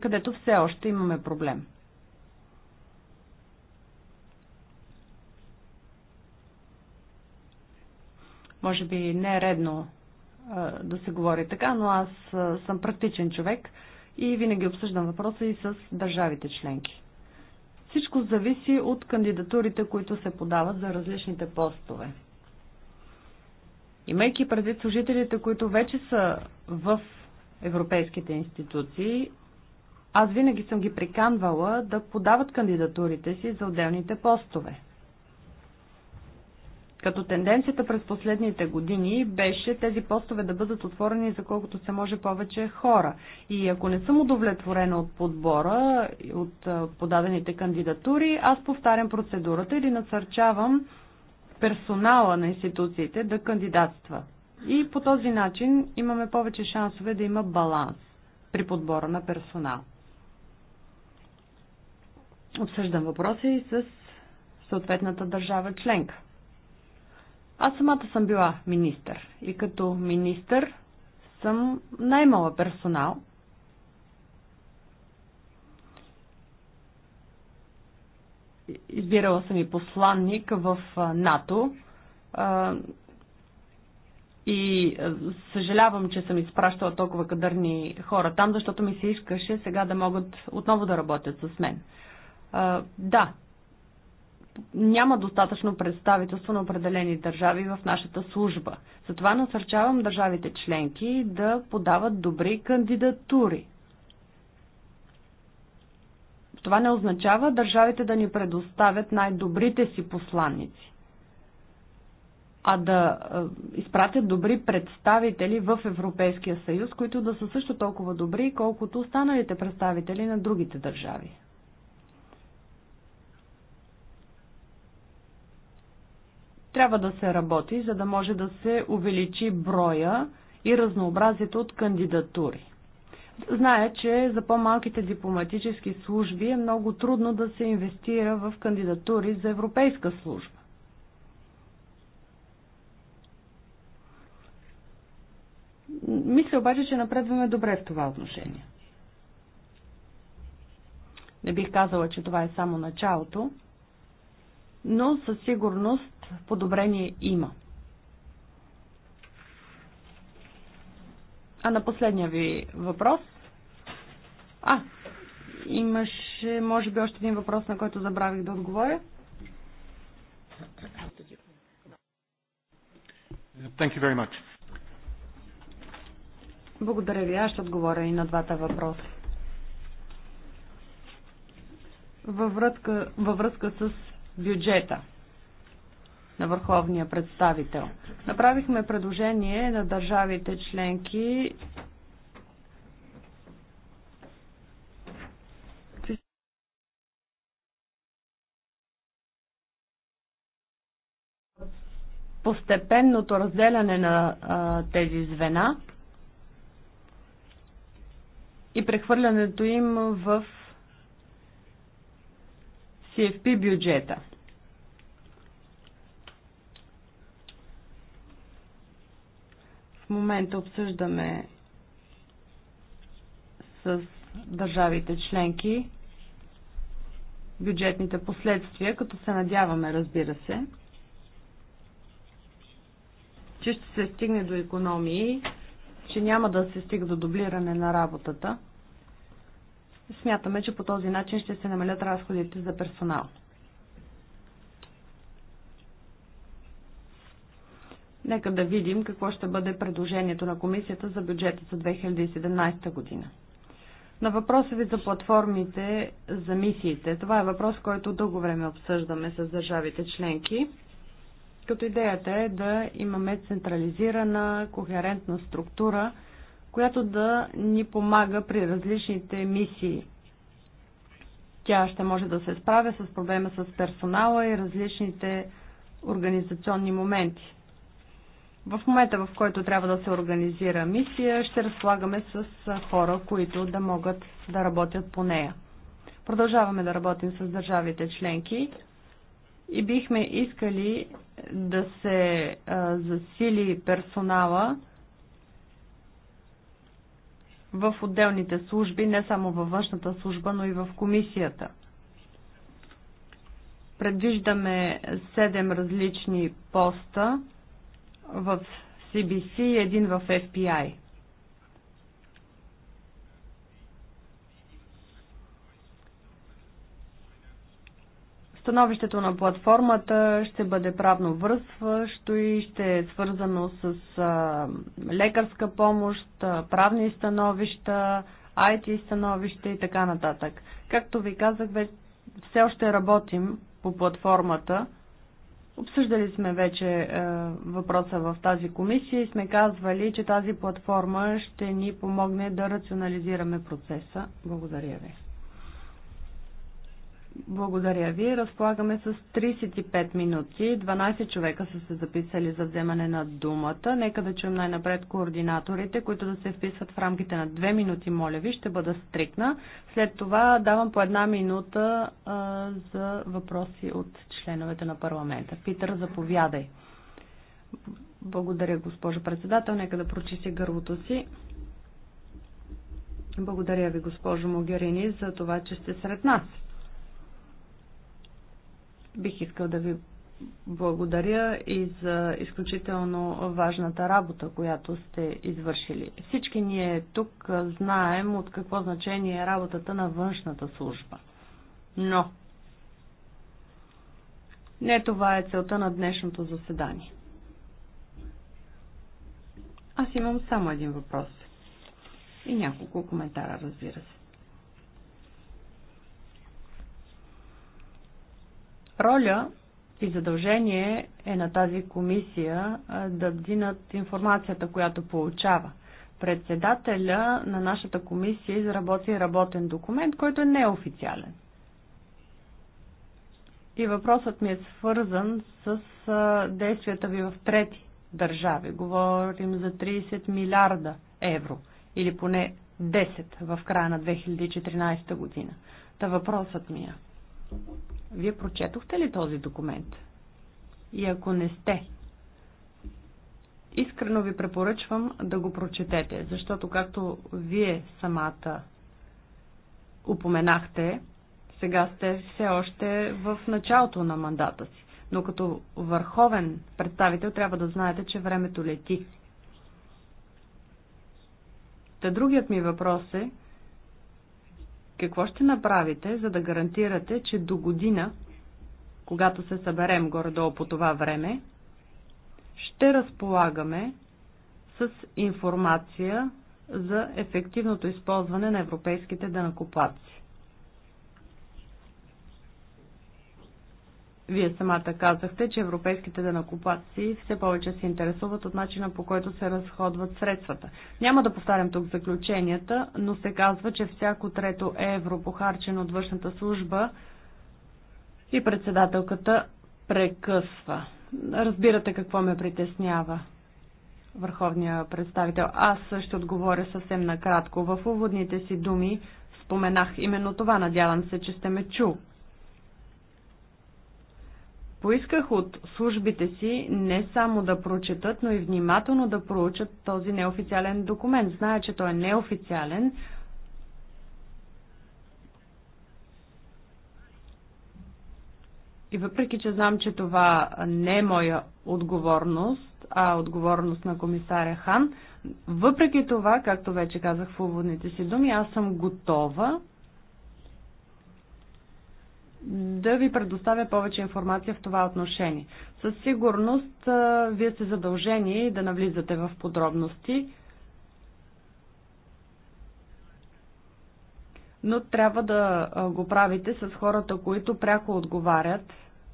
където все още имаме проблем. Може би не е редно да се говори така, но аз съм практичен човек и винаги обсъждам въпроса и с държавите членки. Всичко зависи от кандидатурите, които се подават за различните постове. Имайки предвид служителите, които вече са в европейските институции, аз винаги съм ги приканвала да подават кандидатурите си за отделните постове. Като тенденцията през последните години беше тези постове да бъдат отворени за колкото се може повече хора. И ако не съм удовлетворена от подбора, от подадените кандидатури, аз повтарям процедурата или насърчавам персонала на институциите да кандидатства. И по този начин имаме повече шансове да има баланс при подбора на персонал. Обсъждам въпроси и с съответната държава членка. Аз самата съм била министър и като министър съм най най-мала персонал. Избирала съм и посланник в НАТО. И съжалявам, че съм изпращала толкова кадърни хора там, защото ми се искаше сега да могат отново да работят с мен. Да, няма достатъчно представителство на определени държави в нашата служба. Затова насърчавам държавите членки да подават добри кандидатури. Това не означава държавите да ни предоставят най-добрите си посланници, а да изпратят добри представители в Европейския съюз, които да са също толкова добри, колкото останалите представители на другите държави. трябва да се работи, за да може да се увеличи броя и разнообразието от кандидатури. Зная, че за по-малките дипломатически служби е много трудно да се инвестира в кандидатури за европейска служба. Мисля обаче, че напредваме добре в това отношение. Не бих казала, че това е само началото но със сигурност подобрение има. А на последния ви въпрос. А, имаше, може би, още един въпрос, на който забравих да отговоря. Thank you very much. Благодаря ви. Аз ще отговоря и на двата въпроса. Във връзка, във връзка с бюджета на върховния представител. Направихме предложение на държавите членки постепенното разделяне на а, тези звена и прехвърлянето им в CFP бюджета. В момента обсъждаме с държавите членки бюджетните последствия, като се надяваме, разбира се, че ще се стигне до економии, че няма да се стига до дублиране на работата – Смятаме, че по този начин ще се намалят разходите за персонал. Нека да видим какво ще бъде предложението на комисията за бюджета за 2017 година. На въпроса ви за платформите за мисиите. Това е въпрос, който дълго време обсъждаме с държавите членки, като идеята е да имаме централизирана, кохерентна структура – която да ни помага при различните мисии. Тя ще може да се справя с проблема с персонала и различните организационни моменти. В момента, в който трябва да се организира мисия, ще разполагаме с хора, които да могат да работят по нея. Продължаваме да работим с държавите членки и бихме искали да се засили персонала в отделните служби, не само във външната служба, но и в комисията. Предвиждаме 7 различни поста в CBC и един в FPI. Становището на платформата ще бъде правно връзващо и ще е свързано с лекарска помощ, правни становища, IT становища и така нататък. Както ви казах, все още работим по платформата. Обсъждали сме вече а, въпроса в тази комисия и сме казвали, че тази платформа ще ни помогне да рационализираме процеса. Благодаря ви. Благодаря ви. Разполагаме с 35 минути. 12 човека са се записали за вземане на думата. Нека да чуем най-напред координаторите, които да се вписват в рамките на 2 минути, моля ви. Ще бъда стрикна. След това давам по една минута а, за въпроси от членовете на парламента. Питър, заповядай. Благодаря, госпожо председател. Нека да прочисти гърлото си. Благодаря ви, госпожо Могерини, за това, че сте сред нас. Бих искал да ви благодаря и за изключително важната работа, която сте извършили. Всички ние тук знаем от какво значение е работата на външната служба. Но не това е целта на днешното заседание. Аз имам само един въпрос и няколко коментара, разбира се. Роля и задължение е на тази комисия да вдинат информацията, която получава. Председателя на нашата комисия изработи работен документ, който е неофициален. И въпросът ми е свързан с действията ви в трети държави. Говорим за 30 милиарда евро или поне 10 в края на 2014 година. Та въпросът ми е. Вие прочетохте ли този документ? И ако не сте, искрено ви препоръчвам да го прочетете, защото както вие самата упоменахте, сега сте все още в началото на мандата си. Но като върховен представител трябва да знаете, че времето лети. Та другият ми въпрос е, какво ще направите, за да гарантирате, че до година, когато се съберем горе-долу по това време, ще разполагаме с информация за ефективното използване на европейските данакоплатци? Вие самата казахте, че европейските данакоплатци все повече се интересуват от начина по който се разходват средствата. Няма да повтарям тук заключенията, но се казва, че всяко трето евро похарчено от външната служба и председателката прекъсва. Разбирате какво ме притеснява върховния представител. Аз ще отговоря съвсем накратко. В уводните си думи споменах именно това. Надявам се, че сте ме чул. Поисках от службите си не само да прочетат, но и внимателно да проучат този неофициален документ. Зная, че той е неофициален. И въпреки, че знам, че това не е моя отговорност, а отговорност на комисаря Хан, въпреки това, както вече казах в уводните си думи, аз съм готова да ви предоставя повече информация в това отношение. Със сигурност вие сте задължени да навлизате в подробности, но трябва да го правите с хората, които пряко отговарят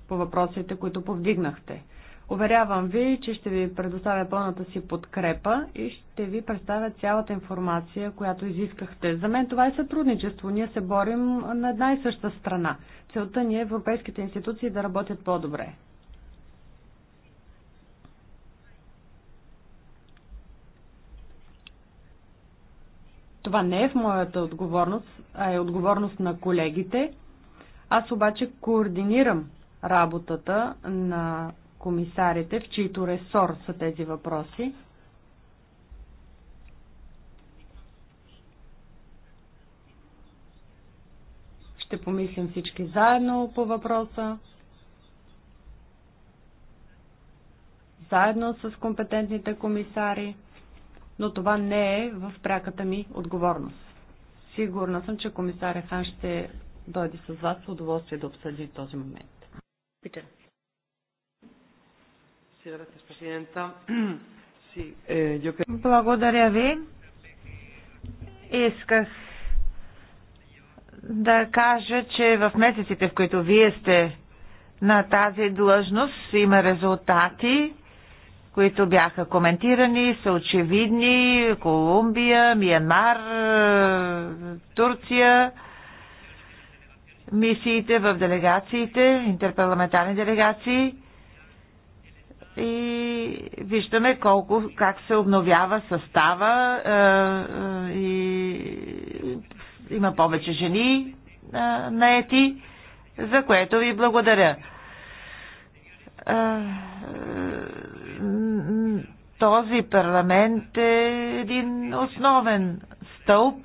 по въпросите, които повдигнахте. Уверявам ви, че ще ви предоставя пълната си подкрепа и ще ви представя цялата информация, която изискахте. За мен това е сътрудничество. Ние се борим на една и съща страна. Целта ни е европейските институции да работят по-добре. Това не е в моята отговорност, а е отговорност на колегите. Аз обаче координирам работата на комисарите, в чието ресор са тези въпроси. Ще помислим всички заедно по въпроса. Заедно с компетентните комисари, но това не е в пряката ми отговорност. Сигурна съм, че комисаря Хан ще дойде с вас с удоволствие да обсъди този момент. Питър. Eh, Благодаря ви. Исках да кажа, че в месеците, в които вие сте на тази длъжност, има резултати, които бяха коментирани, са очевидни. Колумбия, Миянмар, Турция, мисиите в делегациите, интерпарламентарни делегации и виждаме колко, как се обновява състава е, е, и има повече жени е, наети, за което ви благодаря. Е, е, този парламент е един основен стълб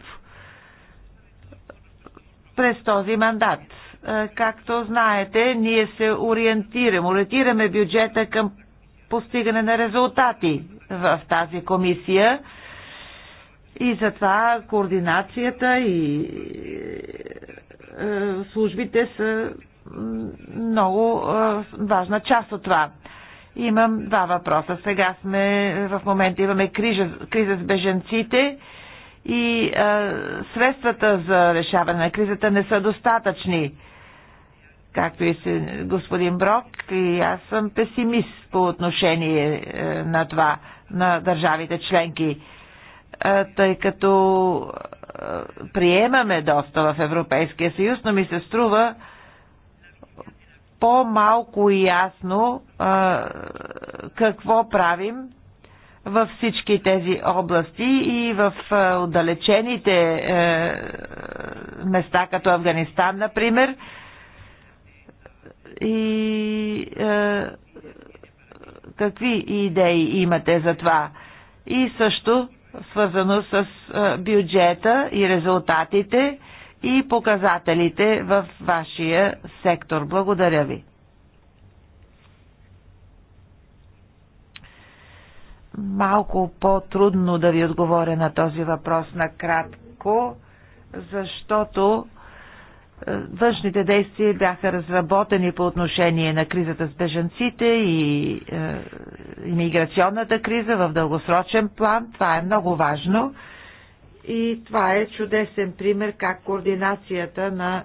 през този мандат. Е, както знаете, ние се ориентираме, ориентираме бюджета към постигане на резултати в тази комисия. И затова координацията и е, службите са много е, важна част от това. Имам два въпроса. Сега сме, в момента имаме криза, криза с беженците и е, средствата за решаване на кризата не са достатъчни както и се, господин Брок, и аз съм песимист по отношение е, на това, на държавите членки, е, тъй като е, приемаме доста в Европейския съюз, но ми се струва по-малко ясно какво правим във всички тези области и в отдалечените места, като Афганистан, например, и е, какви идеи имате за това? И също свързано с е, бюджета и резултатите и показателите в вашия сектор. Благодаря ви. Малко по-трудно да ви отговоря на този въпрос накратко, защото е, външните действия бяха разработени по отношение на кризата с бежанците и е, иммиграционната криза в дългосрочен план. Това е много важно и това е чудесен пример как координацията на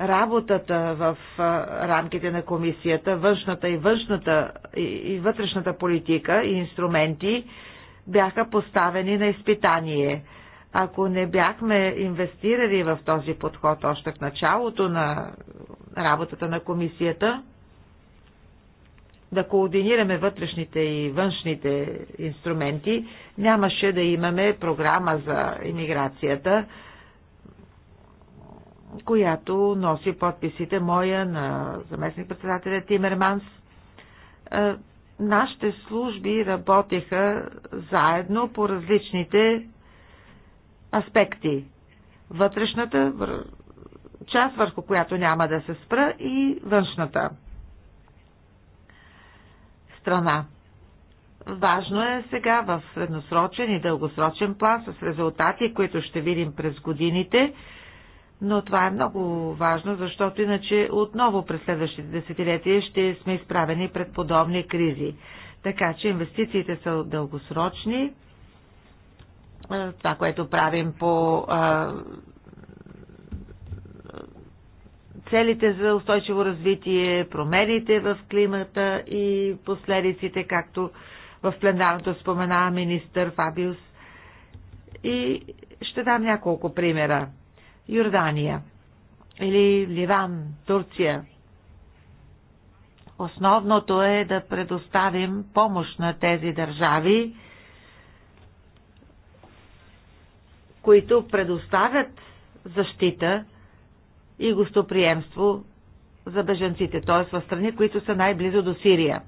работата в е, рамките на комисията, външната и външната и вътрешната политика и инструменти бяха поставени на изпитание. Ако не бяхме инвестирали в този подход още в началото на работата на комисията, да координираме вътрешните и външните инструменти, нямаше да имаме програма за иммиграцията, която носи подписите моя на заместник-председателя Тимерманс. Е, нашите служби работеха заедно по различните аспекти. Вътрешната част, върху която няма да се спра, и външната страна. Важно е сега в средносрочен и дългосрочен план с резултати, които ще видим през годините, но това е много важно, защото иначе отново през следващите десетилетия ще сме изправени пред подобни кризи. Така че инвестициите са дългосрочни това, което правим по целите за устойчиво развитие, промените в климата и последиците, както в пленарното спомена министър Фабиус. И ще дам няколко примера. Йордания или Ливан, Турция. Основното е да предоставим помощ на тези държави, които предоставят защита и гостоприемство за беженците, т.е. в страни, които са най-близо до Сирия.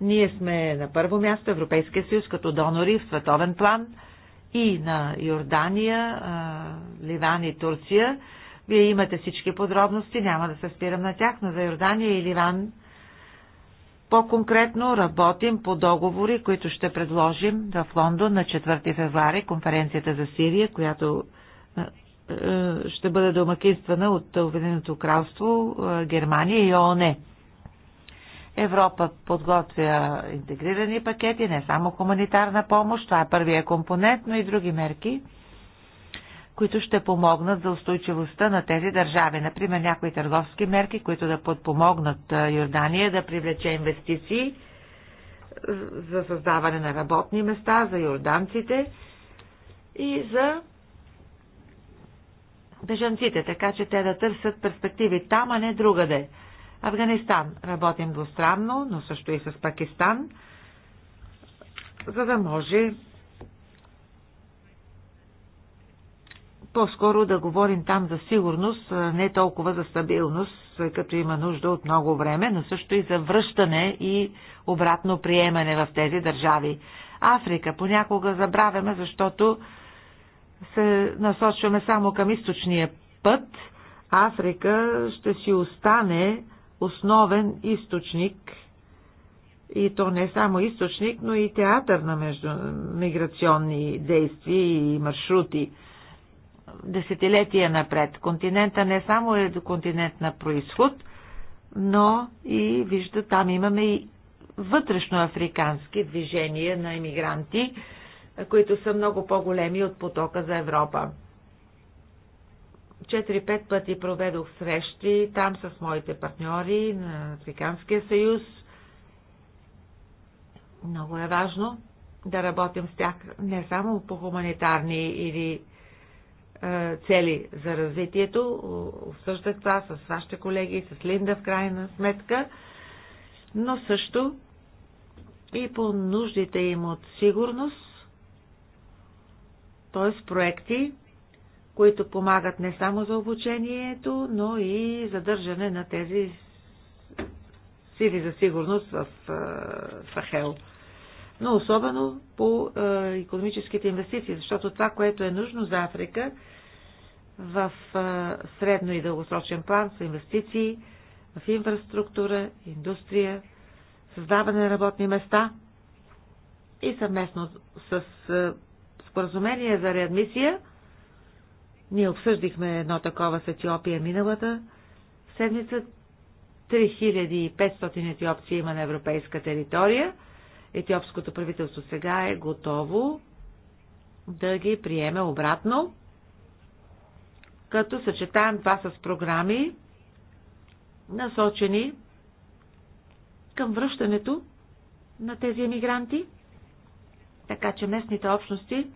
Ние сме на първо място Европейския съюз като донори в световен план и на Йордания, Ливан и Турция. Вие имате всички подробности, няма да се спирам на тях, но за Йордания и Ливан по-конкретно работим по договори, които ще предложим в Лондон на 4 февруари, конференцията за Сирия, която е, е, ще бъде домакинствана от Обединеното кралство, е, Германия и ООН. Европа подготвя интегрирани пакети, не само хуманитарна помощ, това е първия компонент, но и други мерки които ще помогнат за устойчивостта на тези държави. Например, някои търговски мерки, които да подпомогнат Йордания да привлече инвестиции за създаване на работни места за йорданците и за бежанците, така че те да търсят перспективи там, а не другаде. Афганистан работим двустранно, но също и с Пакистан, за да може По-скоро да говорим там за сигурност, не толкова за стабилност, като има нужда от много време, но също и за връщане и обратно приемане в тези държави. Африка понякога забравяме, защото се насочваме само към източния път. Африка ще си остане основен източник и то не само източник, но и театър на между... миграционни действия и маршрути десетилетия напред. Континента не само е до континент на происход, но и вижда, там имаме и вътрешноафрикански движения на емигранти, които са много по-големи от потока за Европа. 4-5 пъти проведох срещи там с моите партньори на Африканския съюз. Много е важно да работим с тях не само по хуманитарни или цели за развитието. Обсъждах това с вашите колеги, с Линда в крайна сметка, но също и по нуждите им от сигурност, т.е. проекти, които помагат не само за обучението, но и задържане на тези сили за сигурност в Сахел но особено по економическите инвестиции, защото това, което е нужно за Африка в е, средно и дългосрочен план са инвестиции в инфраструктура, индустрия, създаване на работни места и съвместно с е, споразумение за реадмисия. Ние обсъждихме едно такова с Етиопия миналата седмица. 3500 етиопци има на европейска територия – етиопското правителство сега е готово да ги приеме обратно, като съчетаем това с програми, насочени към връщането на тези емигранти, така че местните общности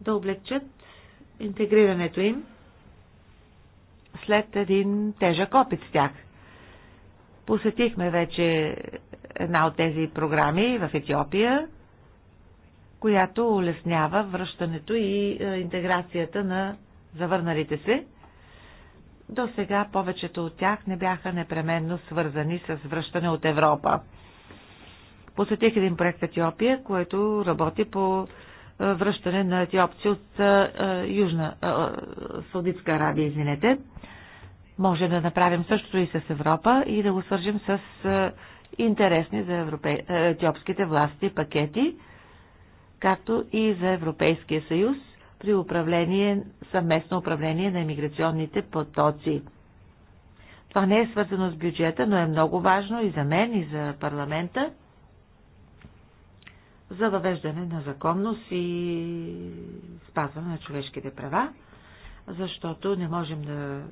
да облегчат интегрирането им след един тежък опит с тях. Посетихме вече една от тези програми в Етиопия, която улеснява връщането и е, интеграцията на завърналите се. До сега повечето от тях не бяха непременно свързани с връщане от Европа. Посетих един проект в Етиопия, който работи по е, връщане на етиопци от е, Южна Саудитска Арабия, извинете. Може да направим същото и с Европа и да го свържим с интересни за е, етиопските власти пакети, както и за Европейския съюз при управление, съвместно управление на иммиграционните потоци. Това не е свързано с бюджета, но е много важно и за мен, и за парламента за въвеждане на законност и спазване на човешките права, защото не можем да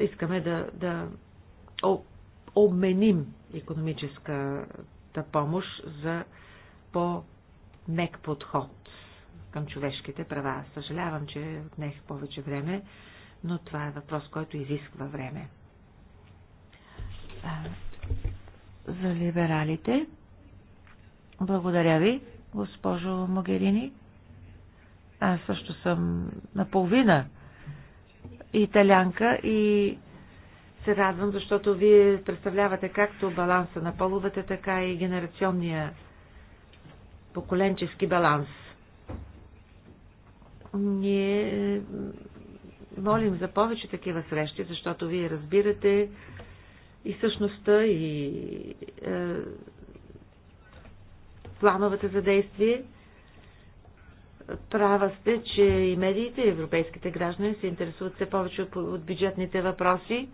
искаме да, да обменим економическата помощ за по-мек подход към човешките права. Съжалявам, че отнех повече време, но това е въпрос, който изисква време. За либералите. Благодаря ви, госпожо Могерини. Аз също съм наполовина италянка и се радвам, защото вие представлявате както баланса на половете, така и генерационния поколенчески баланс. Ние е, молим за повече такива срещи, защото вие разбирате и същността, и е, плановете за действие. Права сте, че и медиите, и европейските граждани се интересуват все повече от, от бюджетните въпроси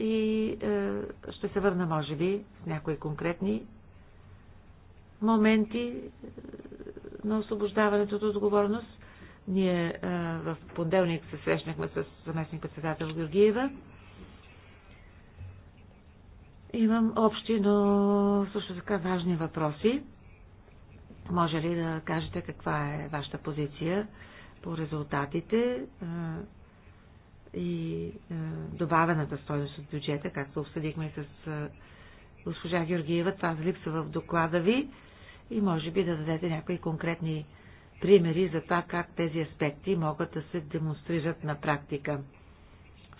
и е, ще се върна, може би, с някои конкретни моменти е, на освобождаването от отговорност. Ние е, в понеделник се срещнахме с заместник-председател Георгиева. Имам общи, но също така важни въпроси. Може ли да кажете каква е вашата позиция по резултатите? Е, и е, добавената стойност от бюджета, както обсъдихме с е, госпожа Георгиева, това липсва в доклада ви и може би да дадете някои конкретни примери за това как тези аспекти могат да се демонстрират на практика.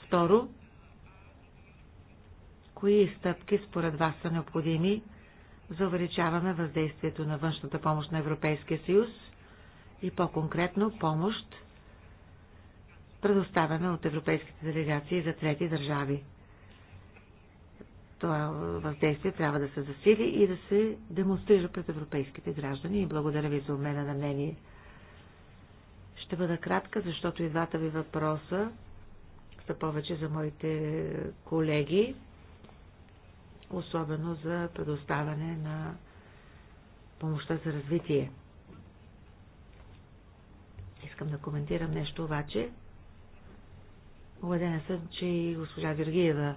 Второ, кои стъпки според вас са необходими за увеличаване въздействието на външната помощ на Европейския съюз и по-конкретно помощ предоставяме от европейските делегации за трети държави. Това въздействие трябва да се засили и да се демонстрира пред европейските граждани. И благодаря ви за обмена на мнение. Ще бъда кратка, защото и двата ви въпроса са повече за моите колеги, особено за предоставяне на помощта за развитие. Искам да коментирам нещо обаче, Уведена съм, че и госпожа Георгиева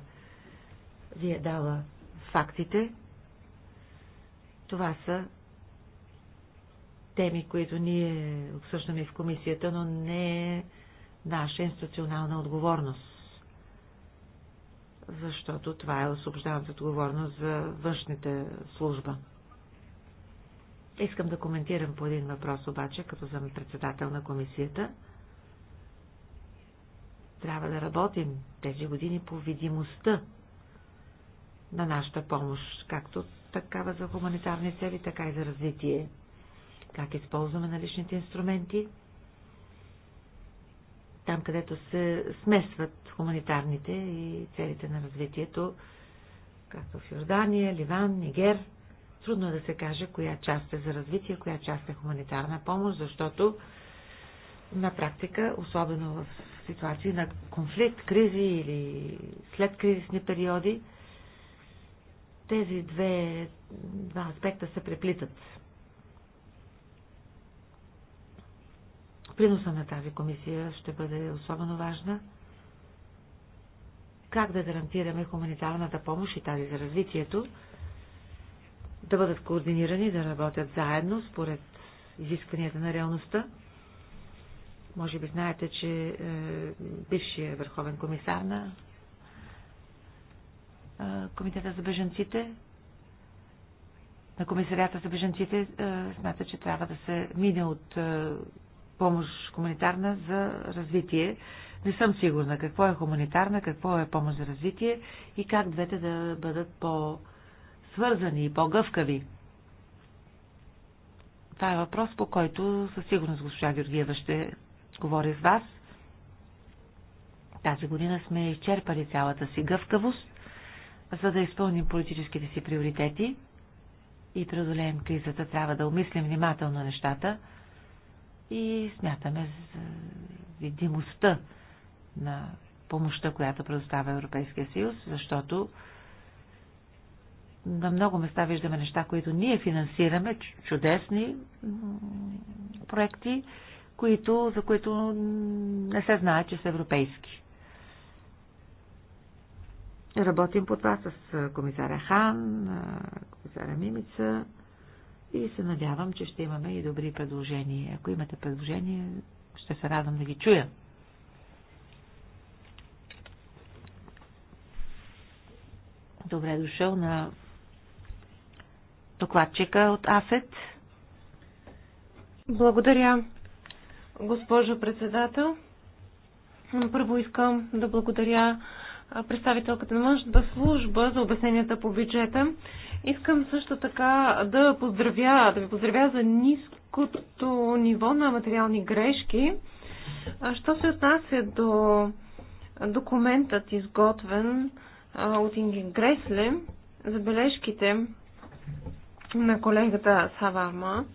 ви е дала фактите. Това са теми, които ние обсъждаме в комисията, но не е наша институционална отговорност. Защото това е освобождаваната отговорност за външната служба. Искам да коментирам по един въпрос обаче, като съм председател на комисията – трябва да работим тези години по видимостта на нашата помощ, както такава за хуманитарни цели, така и за развитие. Как използваме наличните инструменти? Там, където се смесват хуманитарните и целите на развитието, както в Йордания, Ливан, Нигер, трудно е да се каже коя част е за развитие, коя част е хуманитарна помощ, защото на практика, особено в ситуации на конфликт, кризи или след кризисни периоди, тези две, два аспекта се преплитат. Приноса на тази комисия ще бъде особено важна. Как да гарантираме хуманитарната помощ и тази за развитието, да бъдат координирани, да работят заедно според изискванията на реалността. Може би знаете, че е, бившия върховен комисар на е, Комитета за беженците, на комисарията за беженците, е, смята, че трябва да се мине от е, помощ хуманитарна за развитие. Не съм сигурна какво е хуманитарна, какво е помощ за развитие и как двете да бъдат по-свързани и по-гъвкави. Това е въпрос, по който със сигурност госпожа Георгиева ще говоря с вас. Тази година сме изчерпали цялата си гъвкавост, за да изпълним политическите си приоритети и преодолеем кризата. Трябва да умислим внимателно нещата и смятаме за видимостта на помощта, която предоставя Европейския съюз, защото на много места виждаме неща, които ние финансираме, чудесни проекти, които, за които не се знае, че са европейски. Работим по това с комисаря Хан, комисаря Мимица и се надявам, че ще имаме и добри предложения. Ако имате предложения, ще се радвам да ги чуя. Добре дошъл на докладчика от АФЕТ. Благодаря госпожо председател. Първо искам да благодаря представителката на външната служба за обясненията по бюджета. Искам също така да поздравя, да ви поздравя за ниското ниво на материални грешки. Що се отнася до документът, изготвен от Инги Гресле, забележките на колегата Саварма,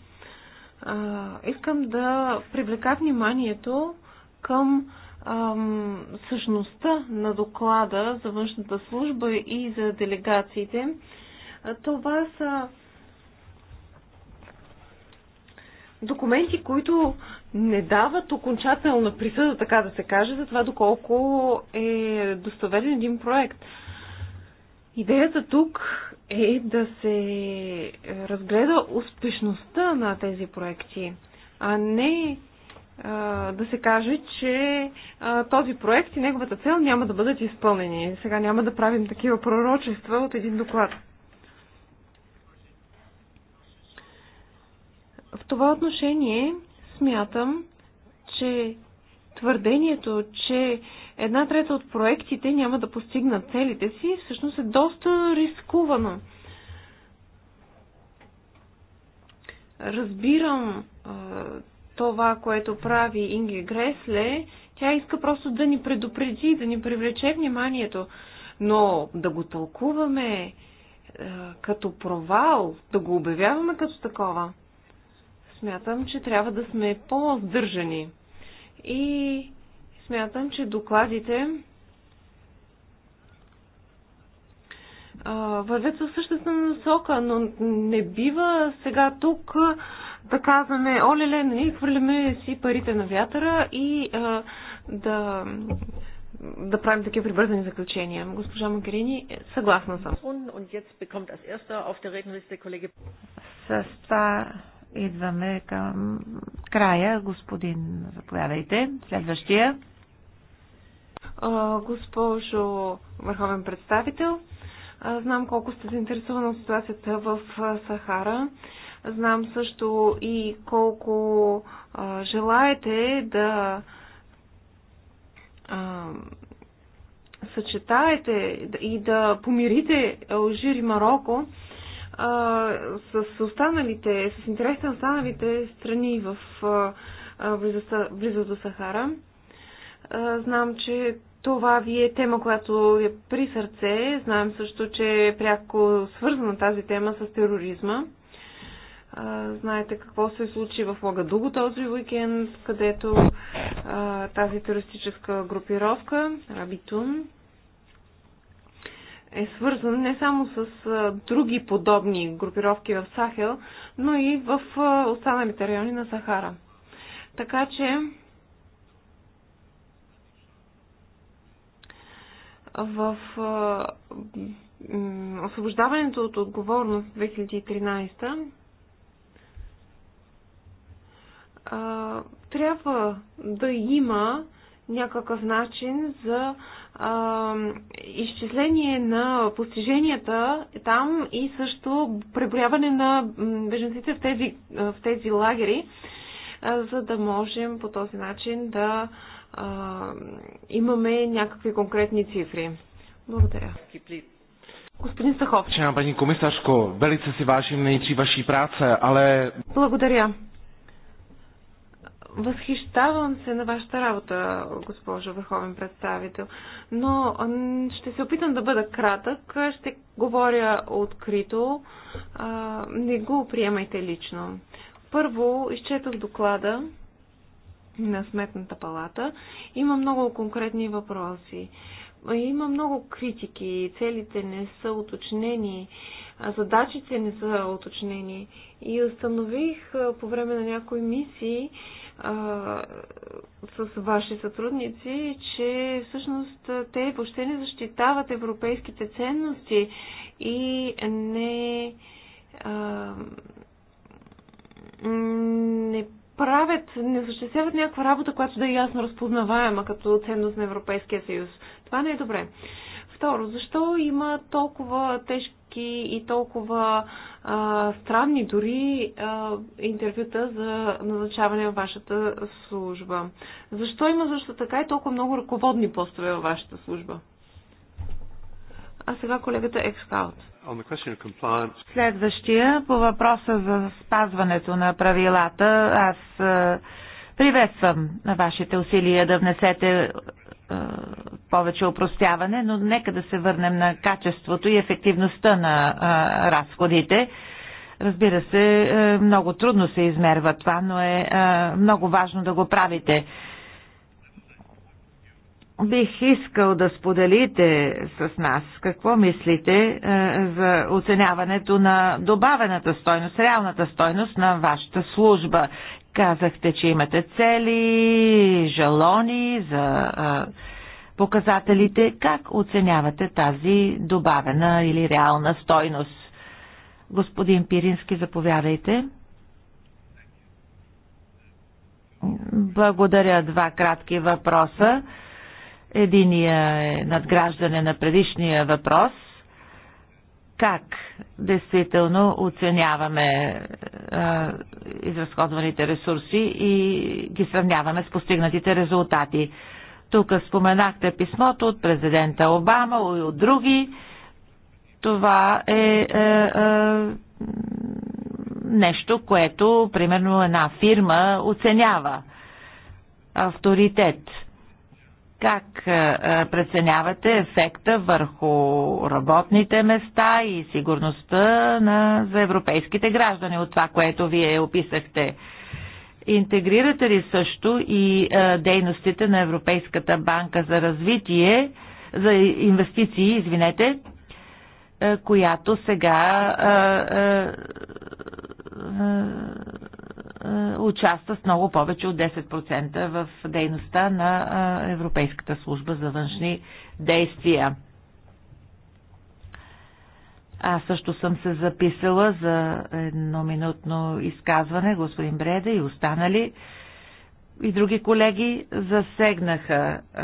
а, искам да привлека вниманието към ам, същността на доклада за външната служба и за делегациите. Това са документи, които не дават окончателна присъда, така да се каже, за това доколко е достоверен един проект. Идеята тук е да се разгледа успешността на тези проекти, а не да се каже, че този проект и неговата цел няма да бъдат изпълнени. Сега няма да правим такива пророчества от един доклад. В това отношение смятам, че твърдението, че една трета от проектите няма да постигнат целите си, всъщност е доста рискувано. Разбирам а, това, което прави Инги Гресле. Тя иска просто да ни предупреди, да ни привлече вниманието. Но да го тълкуваме а, като провал, да го обявяваме като такова, смятам, че трябва да сме по-здържани. И Смятам, че докладите вървят със същата насока, но не бива сега тук да казваме, оле-ле, ние хвърляме си парите на вятъра и а, да, да правим такива прибързани заключения. Госпожа Макерини, съгласна съм. С това идваме към края. Господин, заповядайте. Следващия. Госпожо върховен представител, знам колко сте заинтересована от ситуацията в Сахара. Знам също и колко желаете да съчетаете и да помирите Алжир и Марокко с останалите, с интересите на останалите страни в близост, близо до Сахара знам, че това ви е тема, която е при сърце. Знаем също, че е пряко свързана тази тема с тероризма. Знаете какво се случи в Магадуго този уикенд, където тази терористическа групировка, Рабитун, е свързан не само с а, други подобни групировки в Сахел, но и в а, останалите райони на Сахара. Така че в освобождаването от отговорност 2013 трябва да има някакъв начин за а, изчисление на постиженията там и също преброяване на беженците в тези, в тези лагери, а, за да можем по този начин да а, а, имаме някакви конкретни цифри. Благодаря. Господин Стахов. Чена, пани комисарско, велице си вашим и ваши праца, але... Благодаря. Възхищавам се на вашата работа, госпожо Върховен представител, но ще се опитам да бъда кратък, ще говоря открито, не го приемайте лично. Първо, изчетох доклада на Сметната палата. Има много конкретни въпроси. Има много критики, целите не са уточнени, задачите не са уточнени. И установих по време на някои мисии а, с ваши сътрудници, че всъщност те въобще не защитават европейските ценности и не, а, не правят, не осъществяват някаква работа, която да е ясно разпознаваема като ценност на Европейския съюз. Това не е добре. Второ, защо има толкова тежки и толкова а, странни дори а, интервюта за назначаване във вашата служба? Защо има също така и толкова много ръководни постове във вашата служба? А сега колегата Екскаут. Следващия по въпроса за спазването на правилата. Аз е, приветствам вашите усилия да внесете е, повече упростяване, но нека да се върнем на качеството и ефективността на е, разходите. Разбира се, много трудно се измерва това, но е много важно да го правите Бих искал да споделите с нас какво мислите е, за оценяването на добавената стойност, реалната стойност на вашата служба. Казахте, че имате цели, жалони за е, показателите. Как оценявате тази добавена или реална стойност? Господин Пирински, заповядайте. Благодаря. Два кратки въпроса. Единия е надграждане на предишния въпрос. Как действително оценяваме а, изразходваните ресурси и ги сравняваме с постигнатите резултати. Тук споменахте писмото от президента Обама и от други. Това е, е, е нещо, което, примерно, една фирма оценява авторитет как е, е, преценявате ефекта върху работните места и сигурността на, за европейските граждани от това, което вие описахте? Интегрирате ли също и а, е, дейностите на Европейската банка за развитие, за инвестиции, извинете, а, която сега а, а, а, е, участва с много повече от 10% в дейността на е, Европейската служба за външни действия. Аз също съм се записала за едноминутно изказване, господин Бреда и останали и други колеги засегнаха е,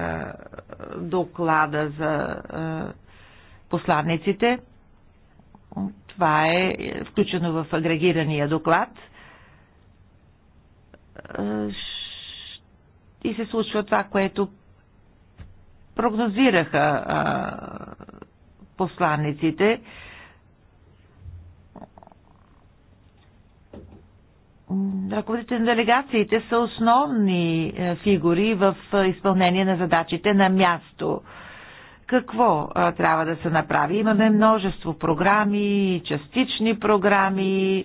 доклада за е, посланниците. Това е включено в агрегирания доклад – и се случва това, което прогнозираха посланниците. Ръководите на делегациите са основни е, фигури в е, изпълнение на задачите на място. Какво а, трябва да се направи? Имаме множество програми, частични програми,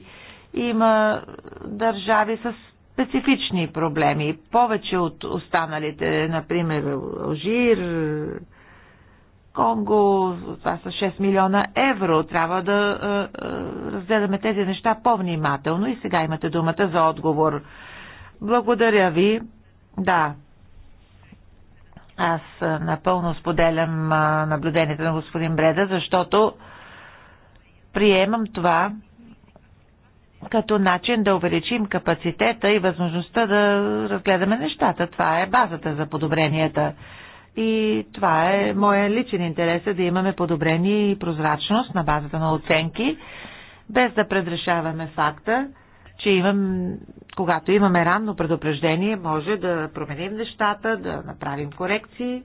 има държави с специфични проблеми, повече от останалите, например Алжир, Конго, това са 6 милиона евро. Трябва да е, е, разгледаме тези неща по-внимателно и сега имате думата за отговор. Благодаря ви. Да. Аз напълно споделям е, наблюдението на господин Бреда, защото приемам това, като начин да увеличим капацитета и възможността да разгледаме нещата. Това е базата за подобренията. И това е моя личен интерес е да имаме подобрение и прозрачност на базата на оценки, без да предрешаваме факта, че имам, когато имаме ранно предупреждение, може да променим нещата, да направим корекции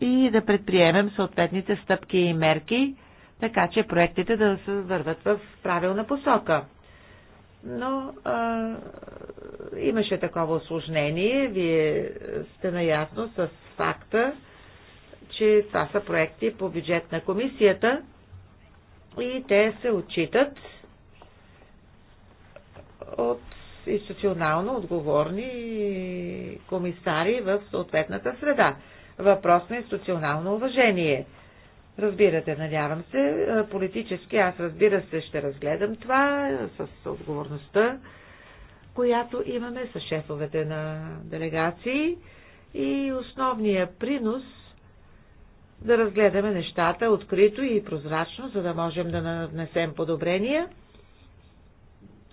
и да предприемем съответните стъпки и мерки, така че проектите да се върват в правилна посока. Но а, имаше такова осложнение, вие сте наясно с факта, че това са проекти по бюджет на комисията и те се отчитат от институционално отговорни комисари в съответната среда. Въпрос на институционално уважение – Разбирате, надявам се, политически аз разбира се ще разгледам това с отговорността, която имаме с шефовете на делегации и основния принос да разгледаме нещата открито и прозрачно, за да можем да нанесем подобрения.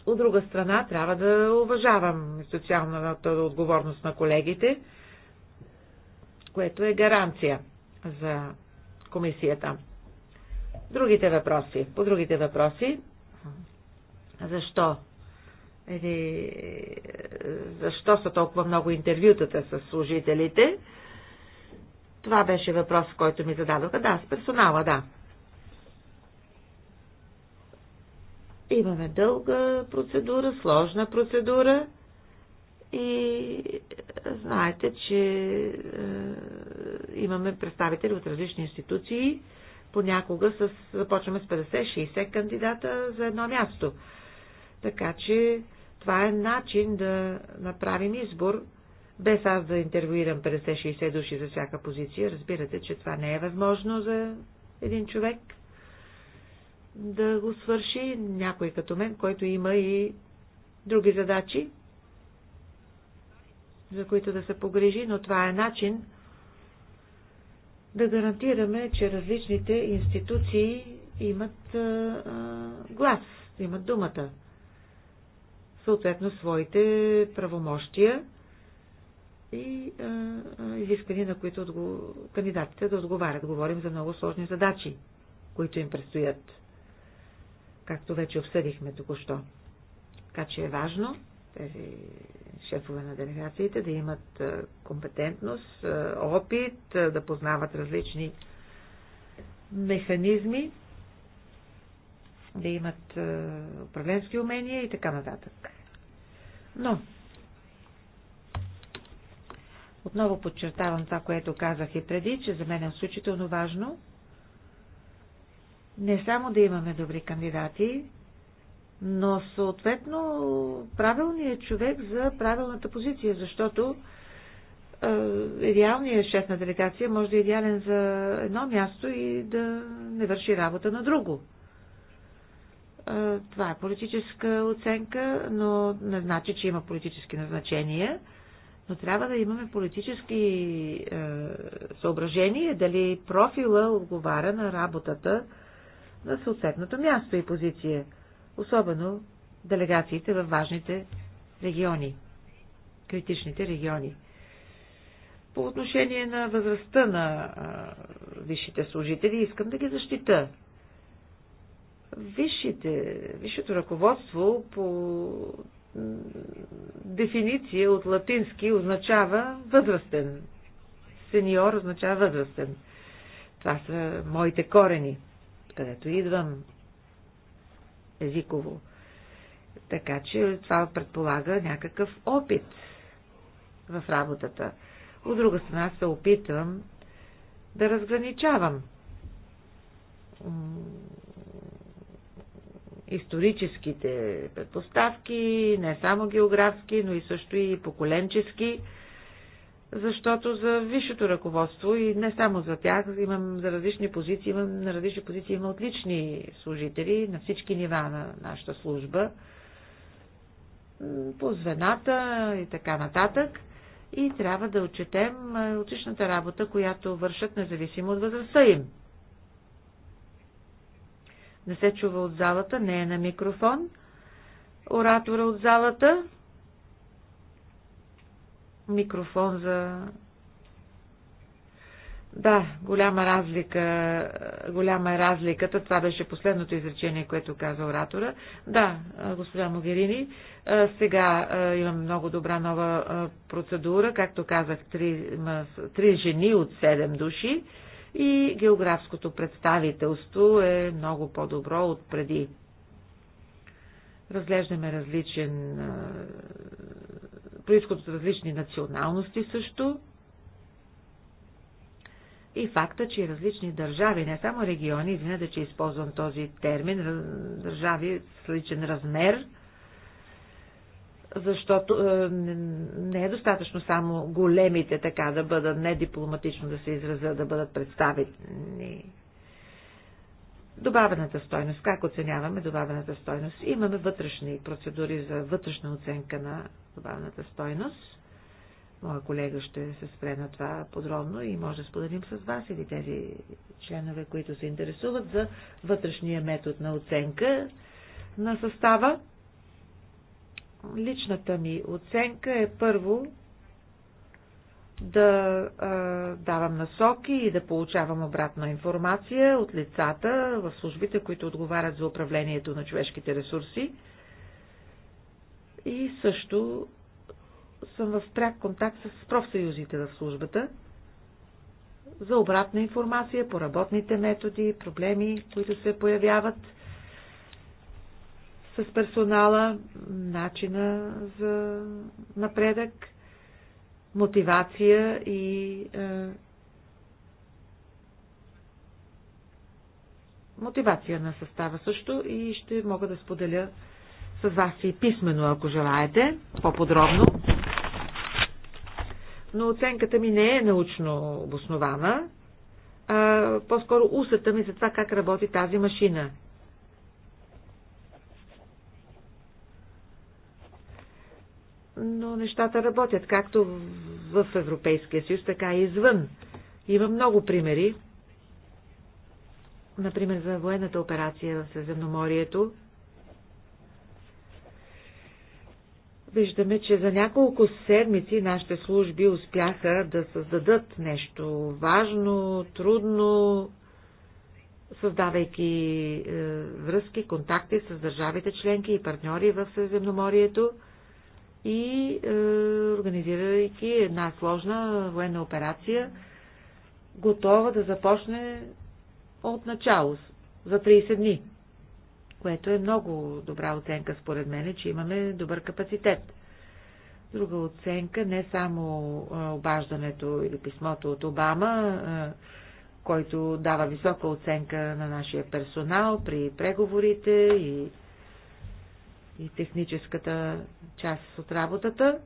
От друга страна, трябва да уважавам социалната отговорност на колегите, което е гаранция за комисията. Другите въпроси. По другите въпроси. Защо? Или, защо са толкова много интервютата с служителите? Това беше въпрос, който ми зададоха. Да, с персонала, да. Имаме дълга процедура, сложна процедура и Знаете, че е, имаме представители от различни институции. Понякога с, започваме с 50-60 кандидата за едно място. Така че това е начин да направим избор, без аз да интервюирам 50-60 души за всяка позиция. Разбирате, че това не е възможно за един човек да го свърши. Някой като мен, който има и други задачи, за които да се погрижи, но това е начин да гарантираме, че различните институции имат а, а, глас, имат думата, съответно своите правомощия и а, а, на които отго... кандидатите да отговарят. Говорим за много сложни задачи, които им предстоят, както вече обсъдихме току-що. Така че е важно тези шефове на делегациите, да имат е, компетентност, е, опит, е, да познават различни механизми, да имат управленски умения и така нататък. Но, отново подчертавам това, което казах и преди, че за мен е изключително важно не само да имаме добри кандидати, но съответно правилният човек за правилната позиция, защото е, идеалният шеф на делегация може да е идеален за едно място и да не върши работа на друго. Е, това е политическа оценка, но не значи, че има политически назначения но трябва да имаме политически е, съображения дали профила отговаря на работата на съответното място и позиция особено делегациите във важните региони, критичните региони. По отношение на възрастта на а, висшите служители, искам да ги защита. Висшите, висшето ръководство по дефиниция от латински означава възрастен. Сеньор означава възрастен. Това са моите корени, където идвам езиково. Така че това предполага някакъв опит в работата. От друга страна се опитвам да разграничавам историческите предпоставки, не само географски, но и също и поколенчески защото за висшето ръководство и не само за тях, имам за различни позиции, имам на различни позиции, има отлични служители на всички нива на нашата служба, по звената и така нататък. И трябва да отчетем отличната работа, която вършат независимо от възрастта им. Не се чува от залата, не е на микрофон. Оратора от залата микрофон за... Да, голяма разлика, голяма е разликата. Това беше последното изречение, което каза оратора. Да, госпожа Могерини, сега имам много добра нова процедура. Както казах, три, три жени от седем души и географското представителство е много по-добро от преди. Разглеждаме различен происход от различни националности също и факта, че различни държави, не само региони, извинете, че използвам този термин, държави с личен размер, защото е, не е достатъчно само големите така да бъдат, не дипломатично да се изразят, да бъдат представени Добавената стойност. Как оценяваме добавената стойност? Имаме вътрешни процедури за вътрешна оценка на добавената стойност. Моя колега ще се спре на това подробно и може да споделим с вас или тези членове, които се интересуват за вътрешния метод на оценка на състава. Личната ми оценка е първо да а, давам насоки и да получавам обратна информация от лицата в службите, които отговарят за управлението на човешките ресурси. И също съм в пряк контакт с профсъюзите в службата за обратна информация по работните методи, проблеми, които се появяват с персонала, начина за напредък – мотивация и е, мотивация на състава също и ще мога да споделя с вас и писменно, ако желаете, по-подробно. Но оценката ми не е научно обоснована, а по-скоро усата ми за това как работи тази машина. но нещата работят както в Европейския съюз, така и извън. Има много примери. Например, за военната операция в Средиземноморието. Виждаме, че за няколко седмици нашите служби успяха да създадат нещо важно, трудно, създавайки е, връзки, контакти с държавите членки и партньори в Средиземноморието и е, организирайки една сложна военна операция, готова да започне от начало за 30 дни, което е много добра оценка според мен, че имаме добър капацитет. Друга оценка, не само е, обаждането или писмото от Обама, е, който дава висока оценка на нашия персонал при преговорите и и техническата част от работата,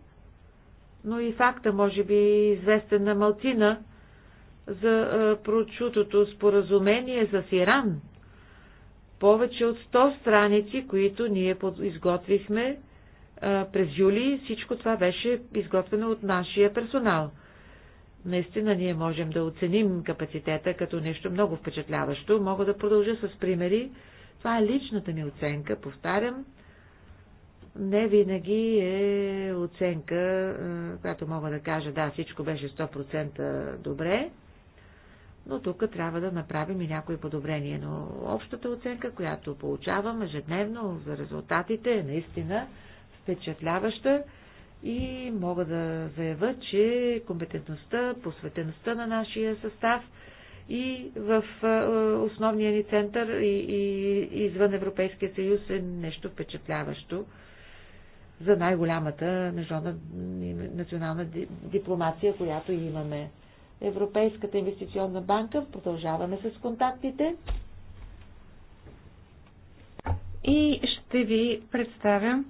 но и факта, може би, известен на Малтина за прочутото споразумение за Иран. Повече от 100 страници, които ние изготвихме през юли, всичко това беше изготвено от нашия персонал. Наистина ние можем да оценим капацитета като нещо много впечатляващо. Мога да продължа с примери. Това е личната ми оценка, повтарям, не винаги е оценка, е, която мога да кажа, да, всичко беше 100% добре, но тук трябва да направим и някои подобрения. Но общата оценка, която получавам ежедневно за резултатите е наистина впечатляваща и мога да заявя, че компетентността, посветеността на нашия състав и в е, основния ни център и, и извън Европейския съюз е нещо впечатляващо за най-голямата национална дипломация, която имаме. Европейската инвестиционна банка, продължаваме с контактите. И ще ви представя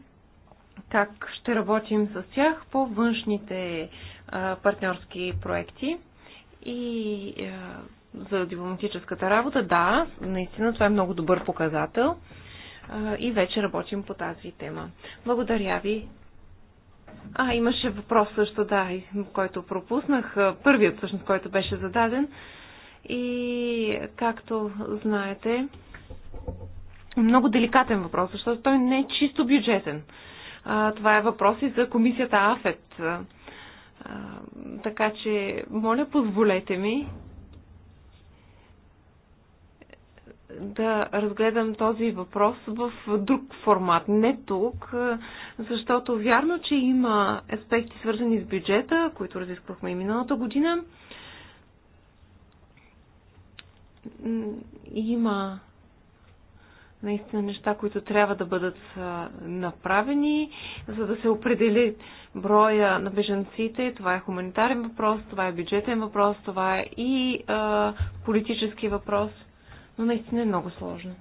как ще работим с тях по външните а, партньорски проекти и а, за дипломатическата работа. Да, наистина това е много добър показател и вече работим по тази тема. Благодаря ви. А, имаше въпрос също, да, който пропуснах. Първият, всъщност, който беше зададен. И, както знаете, много деликатен въпрос, защото той не е чисто бюджетен. А, това е въпрос и за комисията АФЕТ. А, така че, моля, позволете ми да разгледам този въпрос в друг формат, не тук, защото вярно, че има аспекти свързани с бюджета, които разисквахме и миналата година. Има наистина неща, които трябва да бъдат направени, за да се определи броя на бежанците. Това е хуманитарен въпрос, това е бюджетен въпрос, това е и а, политически въпрос – но наистина е много сложно.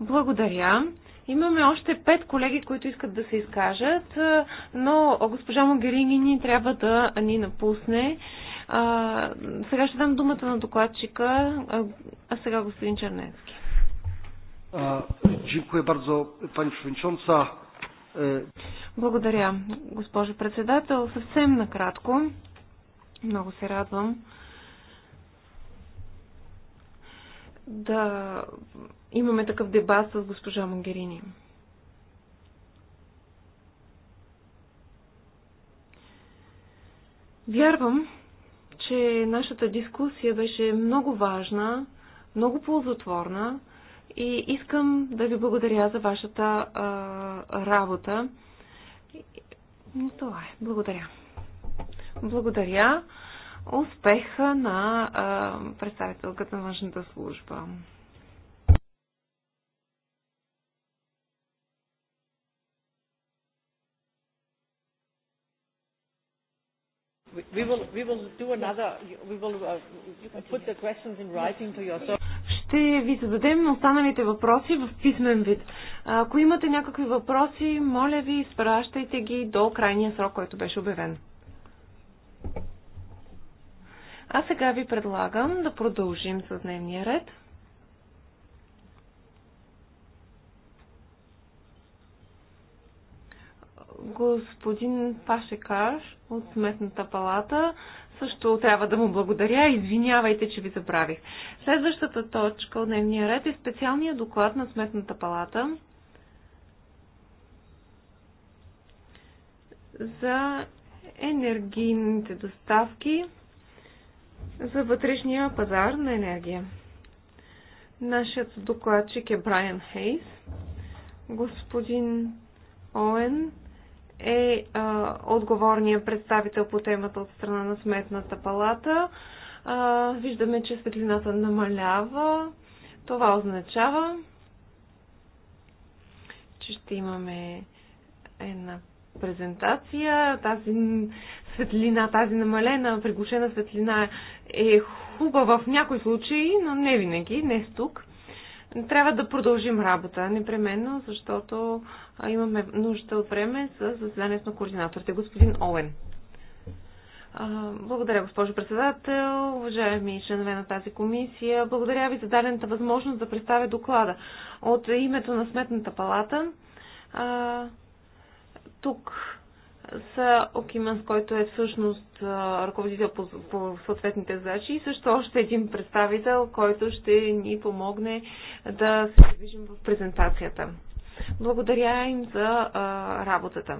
Благодаря. Имаме още пет колеги, които искат да се изкажат, но госпожа Могерини ни трябва да ни напусне. А, сега ще дам думата на докладчика, а, сега господин Чернецки. Дякую бързо, пани Przewodnicząca. Е, Благодаря, госпожо председател. Съвсем накратко. Много се радвам, да имаме такъв дебат с госпожа Магерини. Вярвам, че нашата дискусия беше много важна, много ползотворна и искам да ви благодаря за вашата а, работа. Това е. Благодаря. Благодаря успеха на представителката на външната служба. Uh, Ще ви зададем останалите въпроси в писмен вид. Ако имате някакви въпроси, моля ви, изпращайте ги до крайния срок, който беше обявен. А сега ви предлагам да продължим с дневния ред. Господин Пашекаш от Сметната палата също трябва да му благодаря. Извинявайте, че ви забравих. Следващата точка от дневния ред е специалния доклад на Сметната палата за енергийните доставки за вътрешния пазар на енергия. Нашият докладчик е Брайан Хейс. Господин Оен е а, отговорният представител по темата от страна на Сметната палата. А, виждаме, че светлината намалява. Това означава, че ще имаме една презентация. Тази светлина, тази намалена, приглушена светлина е хубава в някои случаи, но не винаги, не с тук. Трябва да продължим работа непременно, защото имаме нужда от време за заседанието на координаторите. Господин Оуен. Благодаря, госпожо председател, уважаеми членове на тази комисия. Благодаря ви за дадената възможност да представя доклада от името на Сметната палата. Тук са Окиманс, който е всъщност ръководител по, по съответните задачи и също още един представител, който ще ни помогне да се движим в презентацията. Благодаря им за а, работата.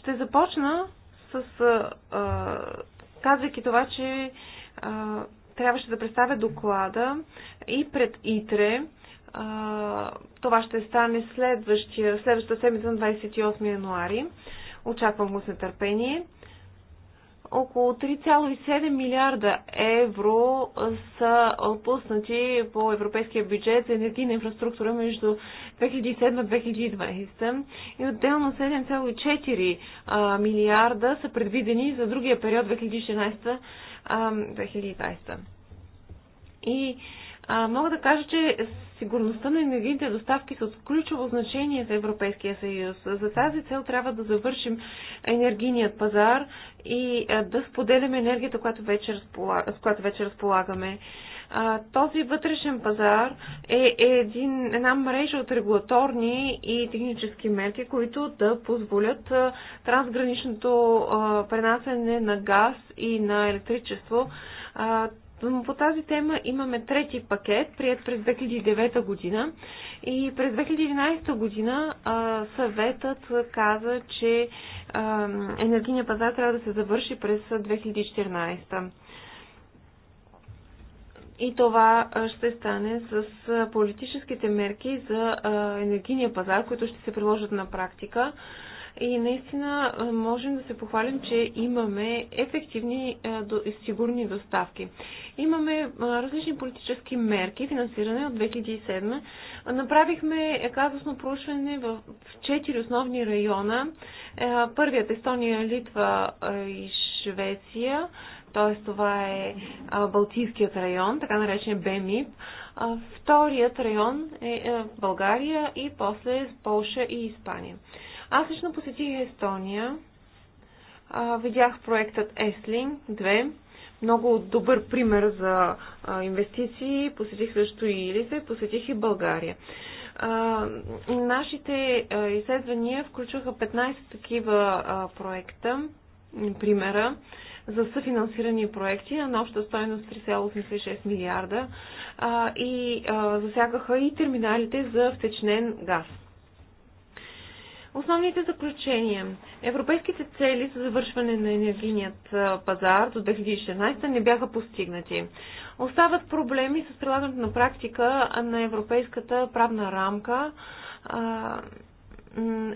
Ще започна с а, а, казвайки това, че а, трябваше да представя доклада и пред ИТРЕ. А, това ще стане следващата седмица на 28 януари. Очаквам го с нетърпение. Около 3,7 милиарда евро са отпуснати по европейския бюджет за енергийна инфраструктура между 2007 2020 и отделно 7,4 милиарда са предвидени за другия период 2016-2020. И а, мога да кажа, че сигурността на енергийните доставки са е от ключово значение за Европейския съюз. За тази цел трябва да завършим енергийният пазар и да споделяме енергията, която вече разполага, с която вече разполагаме. А, този вътрешен пазар е, е един, една мрежа от регулаторни и технически мерки, които да позволят а, трансграничното а, пренасене на газ и на електричество. А, по тази тема имаме трети пакет, прият през 2009 година и през 2011 година а, съветът каза, че а, енергийния пазар трябва да се завърши през 2014. И това ще стане с политическите мерки за енергийния пазар, които ще се приложат на практика. И наистина можем да се похвалим, че имаме ефективни и сигурни доставки. Имаме различни политически мерки, финансиране от 2007. Направихме казусно проучване в четири основни района. Първият Естония, Литва и Швеция. Т.е. това е Балтийският район, така наречен БМИП. Вторият район е България и после Полша и Испания. Аз лично посетих Естония. А, видях проектът Еслин 2. Много добър пример за а, инвестиции. Посетих също и и посетих и България. А, нашите а, изследвания включваха 15 такива а, проекта, примера за съфинансирани проекти на обща стоеност 3,86 милиарда а, и а, засягаха и терминалите за втечнен газ. Основните заключения. Европейските цели за завършване на енергийният пазар до 2016 не бяха постигнати. Остават проблеми с прилагането на практика на европейската правна рамка.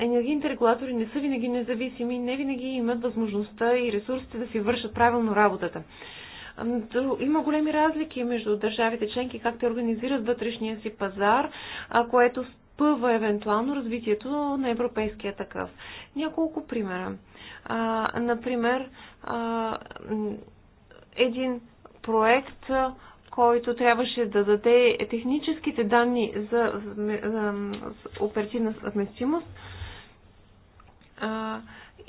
Енергийните регулатори не са винаги независими, не винаги имат възможността и ресурсите да си вършат правилно работата. Има големи разлики между държавите членки, както организират вътрешния си пазар, което спъва евентуално развитието на европейския такъв. Няколко примера. А, например, а, един проект, който трябваше да даде техническите данни за, за, за оперативна съвместимост а,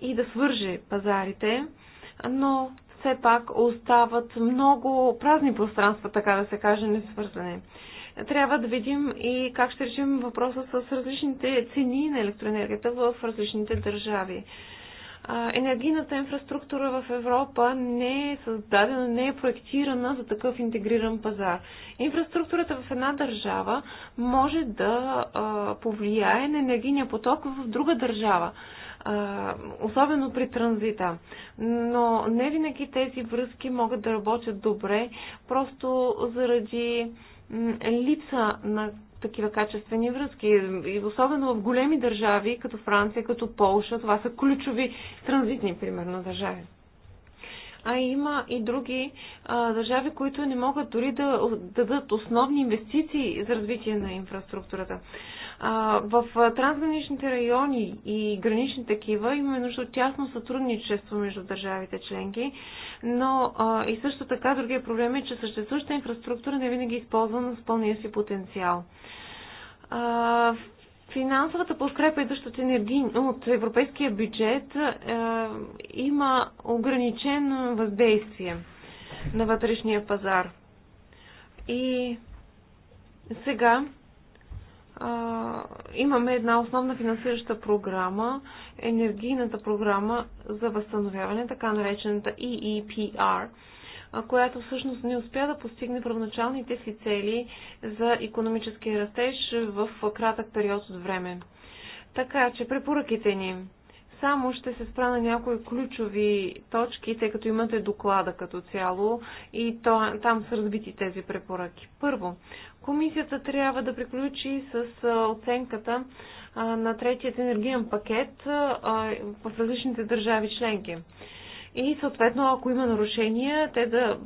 и да свърже пазарите, но все пак остават много празни пространства, така да се каже, несвързани. свързане трябва да видим и как ще решим въпроса с различните цени на електроенергията в различните държави. Енергийната инфраструктура в Европа не е създадена, не е проектирана за такъв интегриран пазар. Инфраструктурата в една държава може да повлияе на енергийния поток в друга държава особено при транзита. Но не винаги тези връзки могат да работят добре, просто заради липса на такива качествени връзки. И особено в големи държави, като Франция, като Полша, това са ключови транзитни, примерно, държави. А има и други а, държави, които не могат дори да, да дадат основни инвестиции за развитие на инфраструктурата в трансграничните райони и гранични такива имаме нужда от тясно сътрудничество между държавите членки, но а, и също така другия проблем е, че съществуващата инфраструктура не винаги е използвана с пълния си потенциал. А, финансовата подкрепа, и от, енергий, от европейския бюджет, а, има ограничено въздействие на вътрешния пазар. И сега имаме една основна финансираща програма, енергийната програма за възстановяване, така наречената EEPR, която всъщност не успя да постигне първоначалните си цели за економическия растеж в кратък период от време. Така че препоръките ни само ще се спра на някои ключови точки, тъй като имате доклада като цяло и то, там са разбити тези препоръки. Първо, комисията трябва да приключи с оценката на третият енергиен пакет в различните държави членки и съответно, ако има нарушения, те да,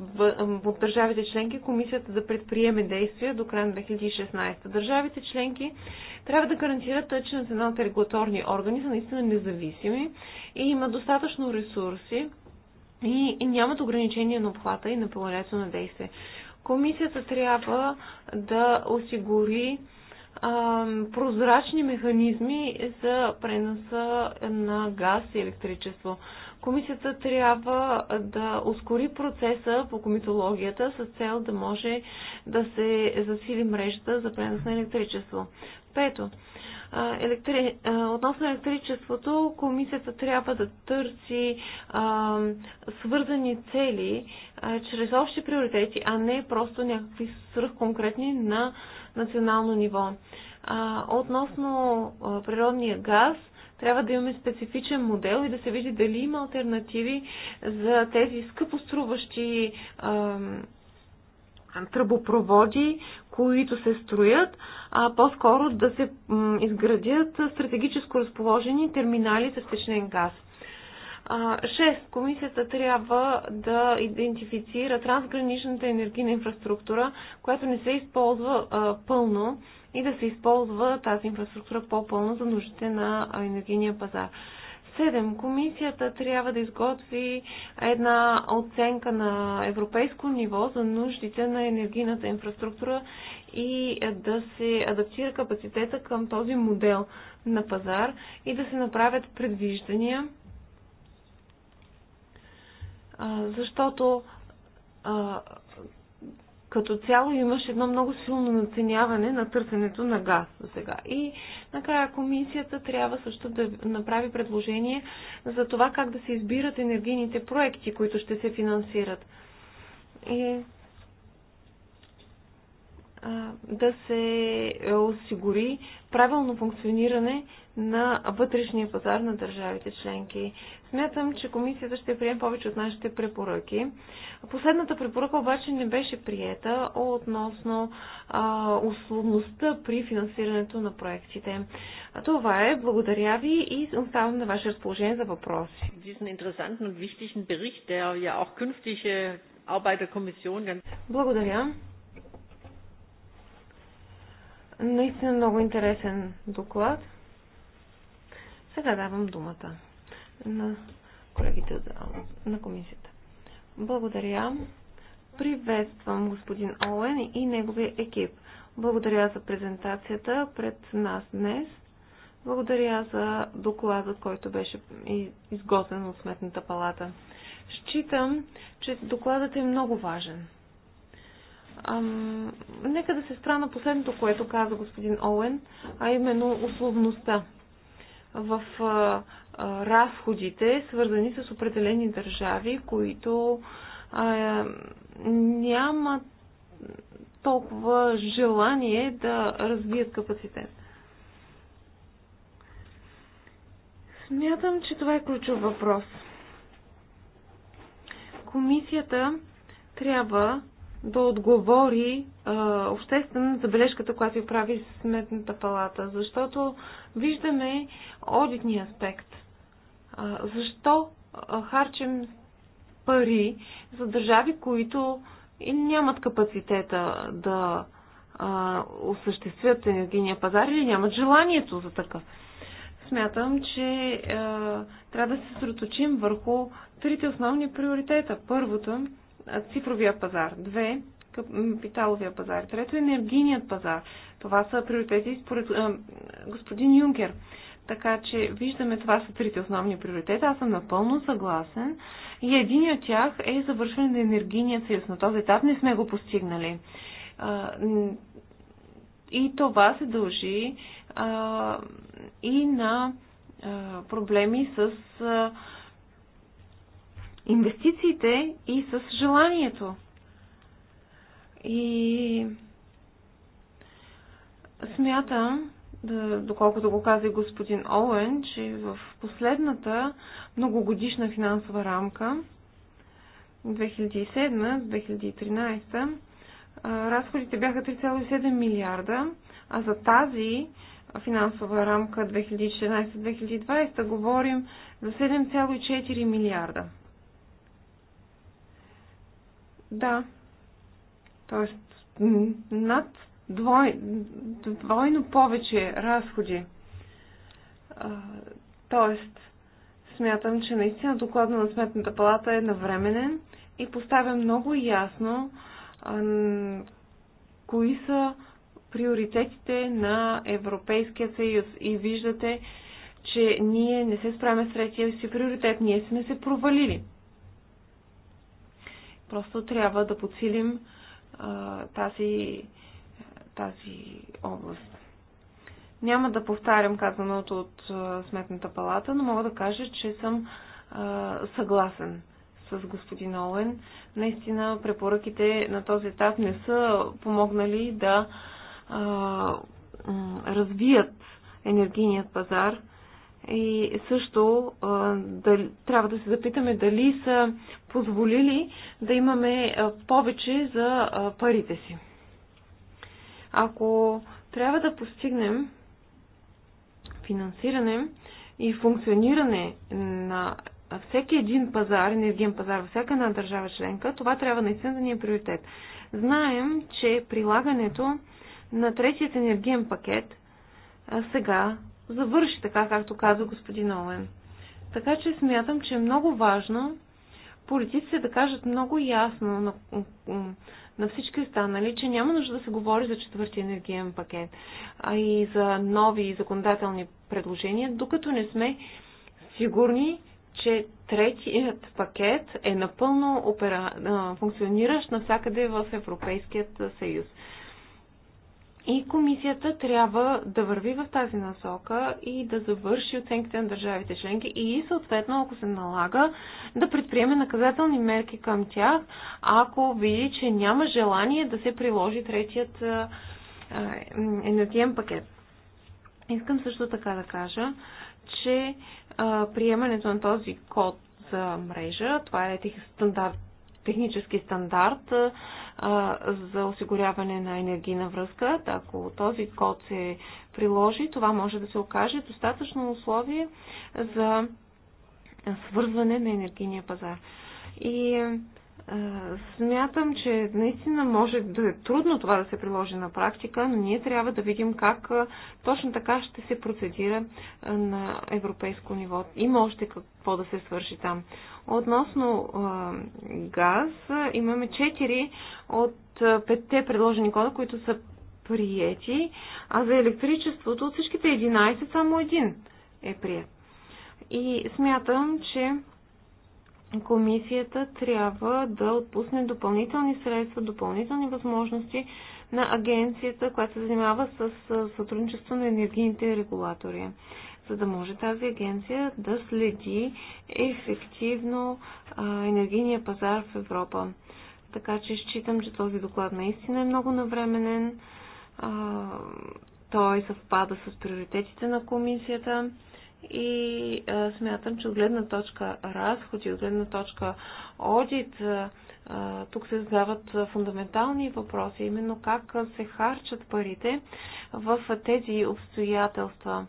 от държавите членки, комисията да предприеме действия до края на 2016. Държавите членки трябва да гарантират, че националните регулаторни органи са наистина независими и имат достатъчно ресурси и, и нямат ограничения на обхвата и на прилагането на действие. Комисията трябва да осигури а, прозрачни механизми за преноса на газ и електричество комисията трябва да ускори процеса по комитологията с цел да може да се засили мрежата за пренос на електричество. Пето, електри... относно електричеството, комисията трябва да търси а, свързани цели а, чрез общи приоритети, а не просто някакви свръхконкретни на национално ниво. А, относно а, природния газ, а, трябва да имаме специфичен модел и да се види дали има альтернативи за тези скъпоструващи тръбопроводи, които се строят, а по-скоро да се изградят стратегическо разположени терминали за втечнен газ. 6. Комисията трябва да идентифицира трансграничната енергийна инфраструктура, която не се използва пълно и да се използва тази инфраструктура по-пълно за нуждите на енергийния пазар. 7. Комисията трябва да изготви една оценка на европейско ниво за нуждите на енергийната инфраструктура и да се адаптира капацитета към този модел на пазар и да се направят предвиждания, защото като цяло имаше едно много силно наценяване на търсенето на газ до сега. И накрая комисията трябва също да направи предложение за това как да се избират енергийните проекти, които ще се финансират. И да се е, осигури правилно функциониране на вътрешния пазар на държавите членки. Смятам, че комисията ще приеме повече от нашите препоръки. Последната препоръка обаче не беше приета относно а, условността при финансирането на проектите. А това е. Благодаря ви и оставам на ваше разположение за въпроси. Äh, Благодаря. Наистина много интересен доклад. Сега давам думата на колегите на комисията. Благодаря. Приветствам господин Оуен и неговия екип. Благодаря за презентацията пред нас днес. Благодаря за доклада, който беше изготвен от Сметната палата. Считам, че докладът е много важен. Ам, нека да се спра на последното, което каза господин Оуен, а именно условността в а, а, разходите, свързани с определени държави, които а, нямат толкова желание да развият капацитет. Смятам, че това е ключов въпрос. Комисията трябва да отговори а, обществена забележката, която и прави Сметната палата, защото виждаме одитния аспект. А, защо а, харчим пари за държави, които и нямат капацитета да а, осъществят енергийния пазар или нямат желанието за такъв? Смятам, че а, трябва да се сроточим върху трите основни приоритета. Първото цифровия пазар. Две, капиталовия пазар. Трето, енергийният пазар. Това са приоритети според а, господин Юнкер. Така че виждаме, това са трите основни приоритета. Аз съм напълно съгласен. И един от тях е завършване на енергийния съюз. На този етап не сме го постигнали. И това се дължи и на проблеми с инвестициите и с желанието. И смятам, да, доколкото го каза и господин Оуен, че в последната многогодишна финансова рамка 2007-2013 разходите бяха 3,7 милиарда, а за тази финансова рамка 2016-2020 говорим за 7,4 милиарда. Да. Тоест, над двой, двойно повече разходи. Тоест, смятам, че наистина докладът на Сметната палата е навременен и поставя много ясно а, кои са приоритетите на Европейския съюз. И виждате, че ние не се справяме с третия си приоритет. Ние сме се провалили. Просто трябва да подсилим а, тази, тази област. Няма да повтарям казаното от а, Сметната палата, но мога да кажа, че съм а, съгласен с господин Олен. Наистина препоръките на този етап не са помогнали да а, развият енергийният пазар. И също да, трябва да се запитаме дали са позволили да имаме повече за парите си. Ако трябва да постигнем финансиране и функциониране на всеки един пазар, енергиен пазар всяка една държава членка, това трябва наистина да ни е приоритет. Знаем, че прилагането на третият енергиен пакет сега завърши така, както каза господин Олен. Така че смятам, че е много важно политиците да кажат много ясно на, на всички останали, че няма нужда да се говори за четвъртия енергиен пакет, а и за нови законодателни предложения, докато не сме сигурни, че третият пакет е напълно опера... функциониращ навсякъде в Европейският съюз. И комисията трябва да върви в тази насока и да завърши оценките на държавите членки и съответно, ако се налага, да предприеме наказателни мерки към тях, ако види, че няма желание да се приложи третият енергиен пакет. Искам също така да кажа, че а, приемането на този код за мрежа, това е тех, стандарт технически стандарт за осигуряване на енергийна връзка. Ако този код се приложи, това може да се окаже достатъчно условие за свързване на енергийния пазар. И смятам, че наистина може да е трудно това да се приложи на практика, но ние трябва да видим как точно така ще се процедира на европейско ниво. Има още какво да се свърши там. Относно а, газ, имаме 4 от 5-те предложени кода, които са приети, а за електричеството от всичките 11 само един е прият. И смятам, че комисията трябва да отпусне допълнителни средства, допълнителни възможности на агенцията, която се занимава с сътрудничество на енергийните регулатори за да може тази агенция да следи ефективно енергийния пазар в Европа. Така че считам, че този доклад наистина е много навременен. Той съвпада с приоритетите на комисията и смятам, че от гледна точка разходи, от гледна точка одит, тук се задават фундаментални въпроси, именно как се харчат парите в тези обстоятелства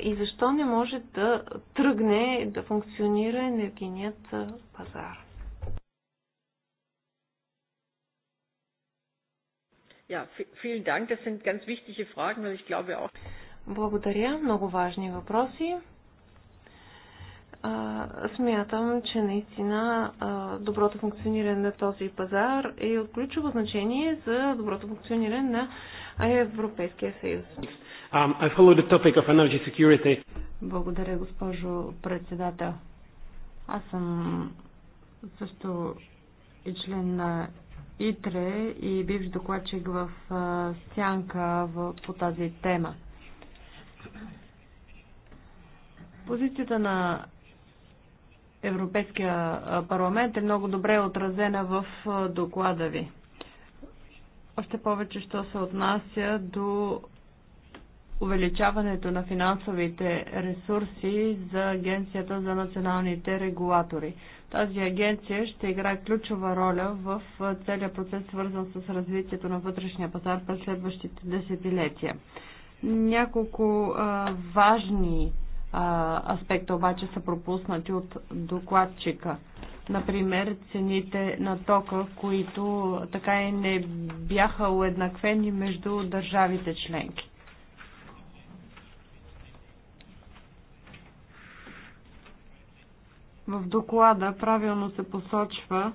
и защо не може да тръгне да функционира енергийният пазар. Ja, vielen Dank. Das sind ganz wichtige Fragen, weil ich glaube auch. Благодаря. Много важни въпроси. А, смятам, че наистина а, доброто функциониране на този пазар е от ключово значение за доброто функциониране на Европейския съюз. Um, I follow the topic of energy security. Благодаря, госпожо председател. Аз съм също и член на ИТРЕ и бивш докладчик в Сянка по тази тема. Позицията на Европейския парламент е много добре отразена в доклада ви. Още повече, що се отнася до увеличаването на финансовите ресурси за Агенцията за националните регулатори. Тази агенция ще играе ключова роля в целият процес, свързан с развитието на вътрешния пазар през следващите десетилетия. Няколко а, важни а, аспекта обаче са пропуснати от докладчика. Например, цените на тока, които така и не бяха уеднаквени между държавите членки. В доклада правилно се посочва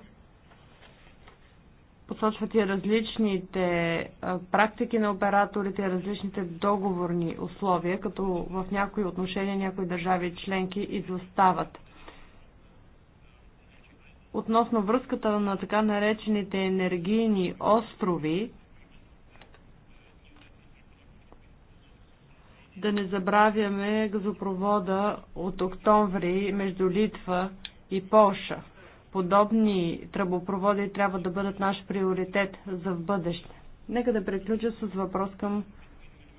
посочват и различните практики на операторите, различните договорни условия, като в някои отношения някои държави членки изостават. Относно връзката на така наречените енергийни острови, Да не забравяме газопровода от октомври между Литва и Полша. Подобни тръбопроводи трябва да бъдат наш приоритет за в бъдеще. Нека да приключа с въпрос към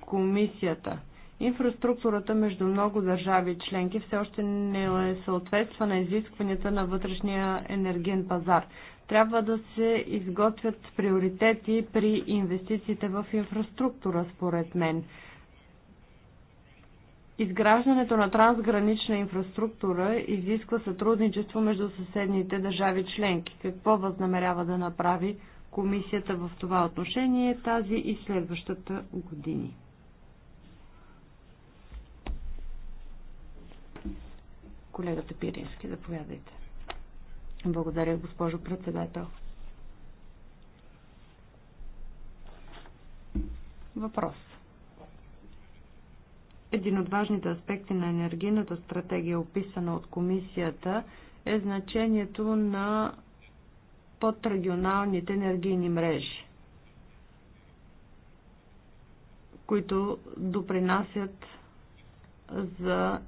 комисията. Инфраструктурата между много държави и членки все още не е съответства на изискванията на вътрешния енергиен пазар. Трябва да се изготвят приоритети при инвестициите в инфраструктура, според мен. Изграждането на трансгранична инфраструктура изисква сътрудничество между съседните държави членки. Какво възнамерява да направи комисията в това отношение тази и следващата години? Колегата Пирински, заповядайте. Да Благодаря, госпожо председател. Въпрос. Един от важните аспекти на енергийната стратегия, описана от комисията, е значението на подрегионалните енергийни мрежи, които допринасят за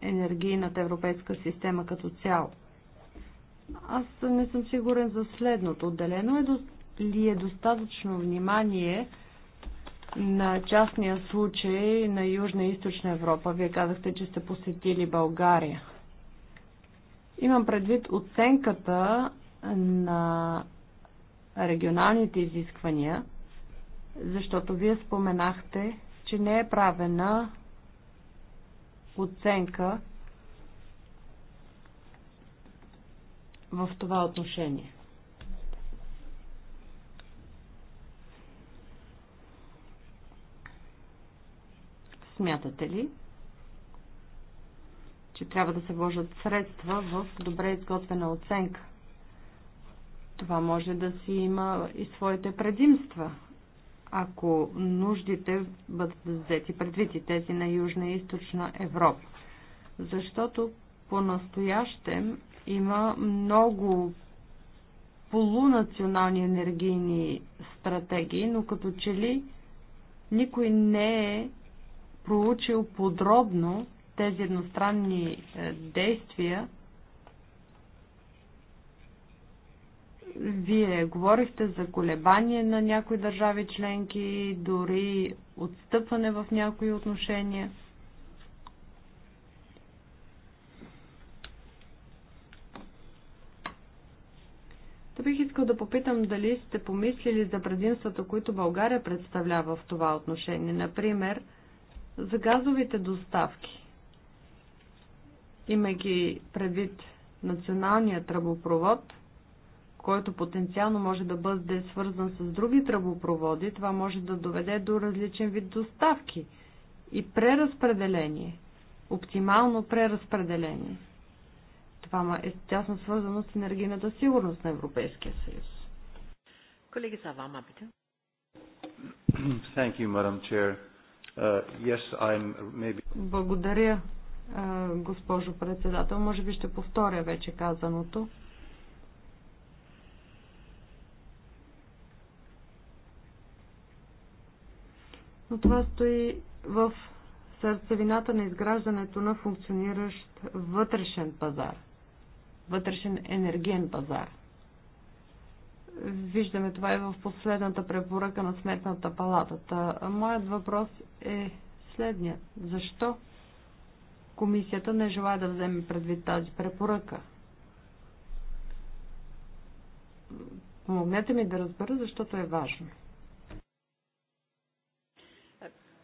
енергийната европейска система като цяло. Аз не съм сигурен за следното. Отделено е до, ли е достатъчно внимание на частния случай на Южна и Източна Европа. Вие казахте, че сте посетили България. Имам предвид оценката на регионалните изисквания, защото вие споменахте, че не е правена оценка в това отношение. Смятате ли, че трябва да се вложат средства в добре изготвена оценка? Това може да си има и своите предимства, ако нуждите бъдат взети предвид и тези на Южна и Източна Европа. Защото по-настоящем има много полунационални енергийни стратегии, но като че ли никой не е проучил подробно тези едностранни е, действия. Вие говорихте за колебание на някои държави членки, дори отстъпване в някои отношения. Та бих искал да попитам дали сте помислили за предимствата, които България представлява в това отношение. Например, за газовите доставки, имайки предвид националния тръбопровод, който потенциално може да бъде свързан с други тръбопроводи, това може да доведе до различен вид доставки и преразпределение, оптимално преразпределение. Това е тясно свързано с енергийната сигурност на Европейския съюз. Колеги Савама, питам. Thank you, Madam Chair. Uh, Благодаря, uh, госпожо председател. Може би ще повторя вече казаното. Но това стои в сърцевината на изграждането на функциониращ вътрешен пазар, вътрешен енергиен пазар – Виждаме това и е в последната препоръка на Сметната палата. Моят въпрос е следният. Защо комисията не желая да вземе предвид тази препоръка? Помогнете ми да разбера, защото е важно.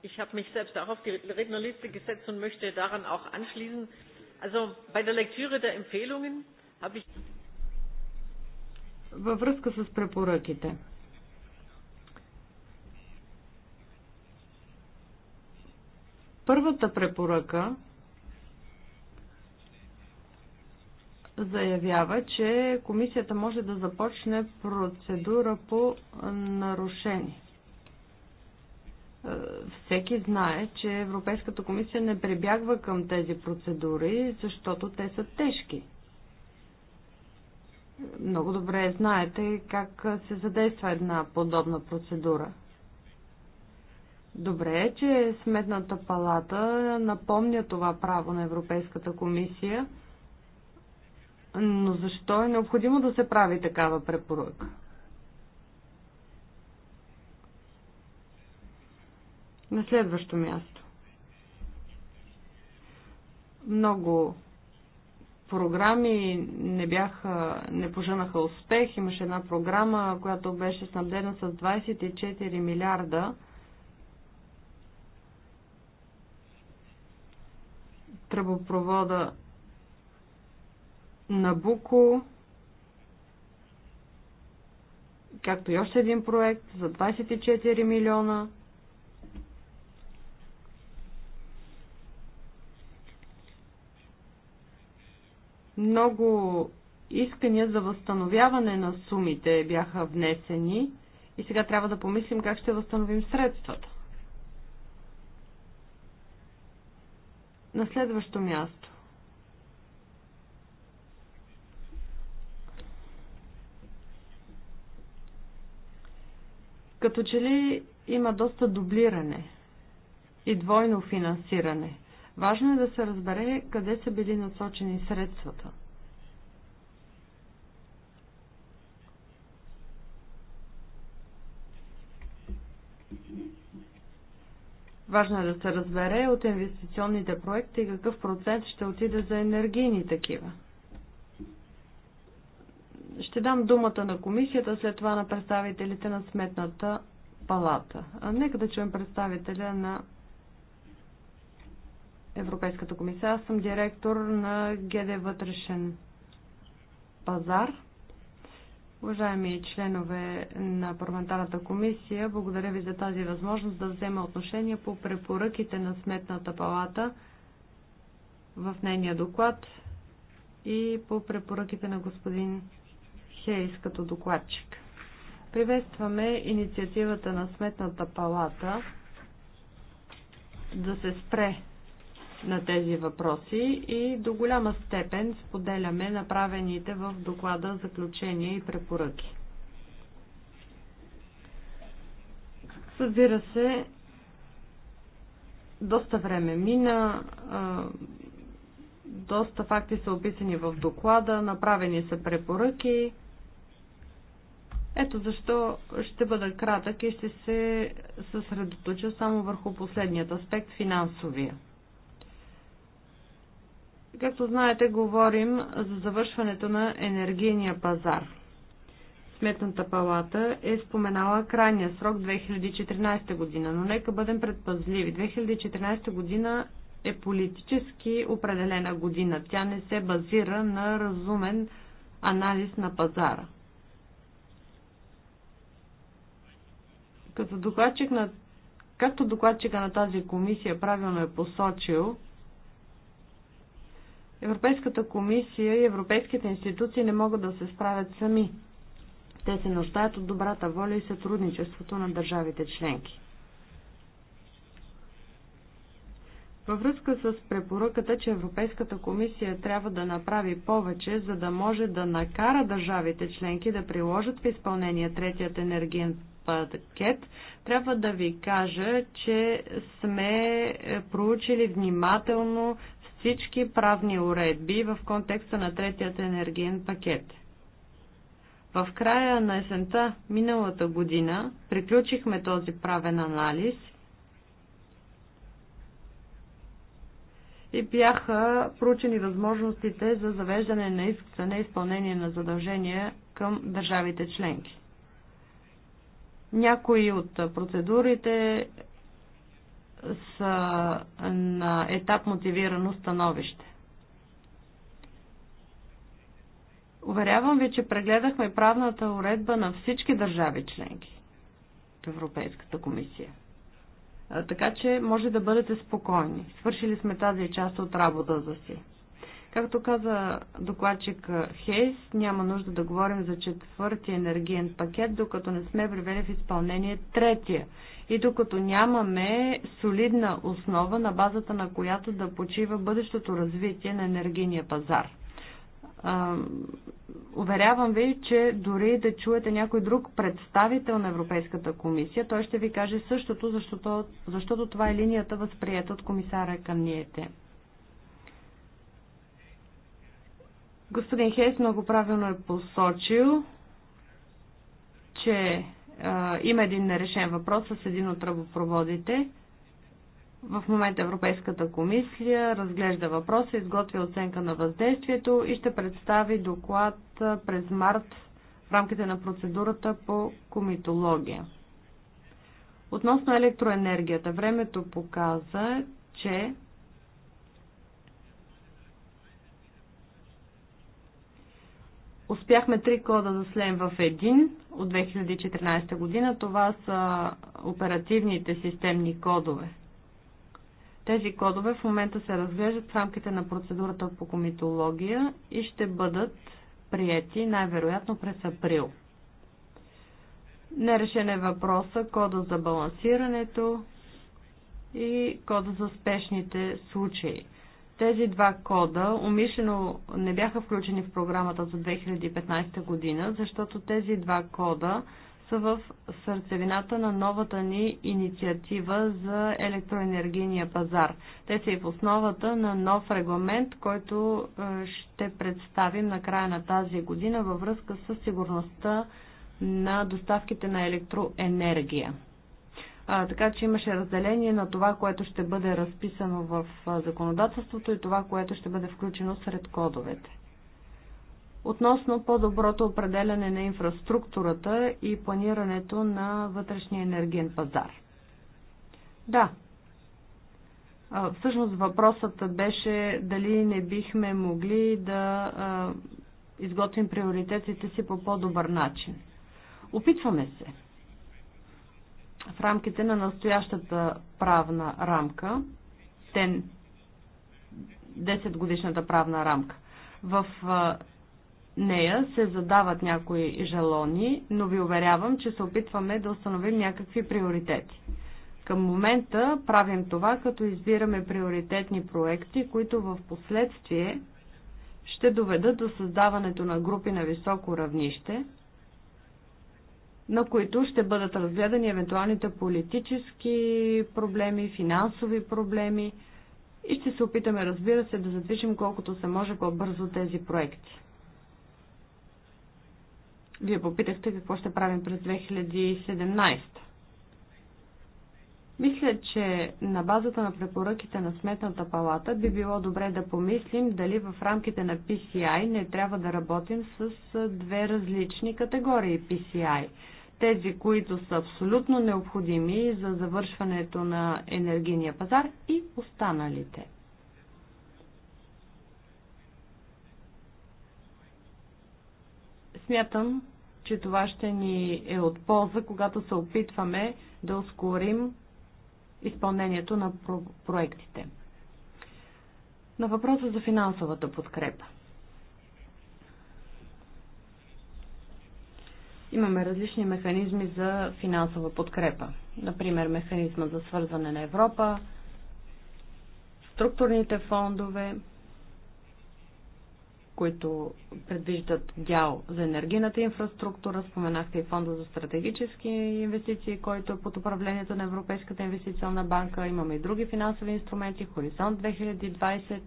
Ich habe mich selbst auch auf die Rednerliste gesetzt und möchte daran auch anschließen. Also bei der Lektüre der Empfehlungen habe ich във връзка с препоръките. Първата препоръка заявява, че комисията може да започне процедура по нарушение. Всеки знае, че Европейската комисия не прибягва към тези процедури, защото те са тежки много добре знаете как се задейства една подобна процедура. Добре е, че Сметната палата напомня това право на Европейската комисия, но защо е необходимо да се прави такава препоръка? На следващо място. Много програми не бяха, не пожънаха успех. Имаше една програма, която беше снабдена с 24 милиарда. Тръбопровода Набуко, както и още един проект за 24 милиона – Много искания за възстановяване на сумите бяха внесени и сега трябва да помислим как ще възстановим средствата. На следващо място. Като че ли има доста дублиране и двойно финансиране – Важно е да се разбере къде са били насочени средствата. Важно е да се разбере от инвестиционните проекти какъв процент ще отиде за енергийни такива. Ще дам думата на комисията, след това на представителите на Сметната палата. А нека да чуем представителя на Европейската комисия. Аз съм директор на ГД Вътрешен пазар. Уважаеми членове на парламентарната комисия, благодаря ви за тази възможност да взема отношение по препоръките на Сметната палата в нейния доклад и по препоръките на господин Хейс като докладчик. Приветстваме инициативата на Сметната палата да се спре на тези въпроси и до голяма степен споделяме направените в доклада заключения и препоръки. Събира се, доста време мина, доста факти са описани в доклада, направени са препоръки. Ето защо ще бъда кратък и ще се съсредоточа само върху последният аспект финансовия. Както знаете, говорим за завършването на енергийния пазар. Сметната палата е споменала крайния срок 2014 година, но нека бъдем предпазливи. 2014 година е политически определена година. Тя не се базира на разумен анализ на пазара. Като докладчик на... Както докладчика на тази комисия правилно е посочил, Европейската комисия и европейските институции не могат да се справят сами. Те се нуждаят от добрата воля и сътрудничеството на държавите членки. Във връзка с препоръката, че Европейската комисия трябва да направи повече, за да може да накара държавите членки да приложат в изпълнение третият енергиен пакет, трябва да ви кажа, че сме е, проучили внимателно всички правни уредби в контекста на третият енергиен пакет. В края на есента миналата година приключихме този правен анализ и бяха проучени възможностите за завеждане на иск за неизпълнение на задължения към държавите членки. Някои от процедурите са на етап мотивирано становище. Уверявам ви, че прегледахме правната уредба на всички държави членки в Европейската комисия. Така че може да бъдете спокойни. Свършили сме тази част от работа за си. Както каза докладчик Хейс, няма нужда да говорим за четвъртия енергиен пакет, докато не сме привели в изпълнение третия и докато нямаме солидна основа, на базата на която да почива бъдещото развитие на енергийния пазар. Уверявам ви, че дори да чуете някой друг представител на Европейската комисия, той ще ви каже същото, защото, защото това е линията възприета от комисара Каниете. Господин Хейс много правилно е посочил, че има един нерешен въпрос с един от тръбопроводите. В момента Европейската комисия разглежда въпроса, изготвя оценка на въздействието и ще представи доклад през март в рамките на процедурата по комитология. Относно електроенергията, времето показа, че Успяхме три кода да слеем в един от 2014 година. Това са оперативните системни кодове. Тези кодове в момента се разглеждат в рамките на процедурата по комитология и ще бъдат прияти най-вероятно през април. Нерешен е въпроса кода за балансирането и кода за спешните случаи. Тези два кода умишлено не бяха включени в програмата за 2015 година, защото тези два кода са в сърцевината на новата ни инициатива за електроенергийния пазар. Те са и в основата на нов регламент, който е, ще представим на края на тази година във връзка с сигурността на доставките на електроенергия. А, така че имаше разделение на това, което ще бъде разписано в законодателството и това, което ще бъде включено сред кодовете. Относно по-доброто определяне на инфраструктурата и планирането на вътрешния енергиен пазар. Да, Всъщност въпросът беше дали не бихме могли да изготвим приоритетите си по по-добър начин. Опитваме се в рамките на настоящата правна рамка, 10 годишната правна рамка. В нея се задават някои жалони, но ви уверявам, че се опитваме да установим някакви приоритети. Към момента правим това, като избираме приоритетни проекти, които в последствие ще доведат до създаването на групи на високо равнище – на които ще бъдат разгледани евентуалните политически проблеми, финансови проблеми и ще се опитаме, разбира се, да задвижим колкото се може по-бързо тези проекти. Вие попитахте какво ще правим през 2017. Мисля, че на базата на препоръките на Сметната палата би било добре да помислим дали в рамките на PCI не трябва да работим с две различни категории PCI тези, които са абсолютно необходими за завършването на енергийния пазар и останалите. Смятам, че това ще ни е от полза, когато се опитваме да ускорим изпълнението на проектите. На въпроса за финансовата подкрепа – Имаме различни механизми за финансова подкрепа. Например, механизма за свързване на Европа, структурните фондове, които предвиждат дял за енергийната инфраструктура. Споменахте и фонда за стратегически инвестиции, който е под управлението на Европейската инвестиционна банка. Имаме и други финансови инструменти, Хоризонт 2020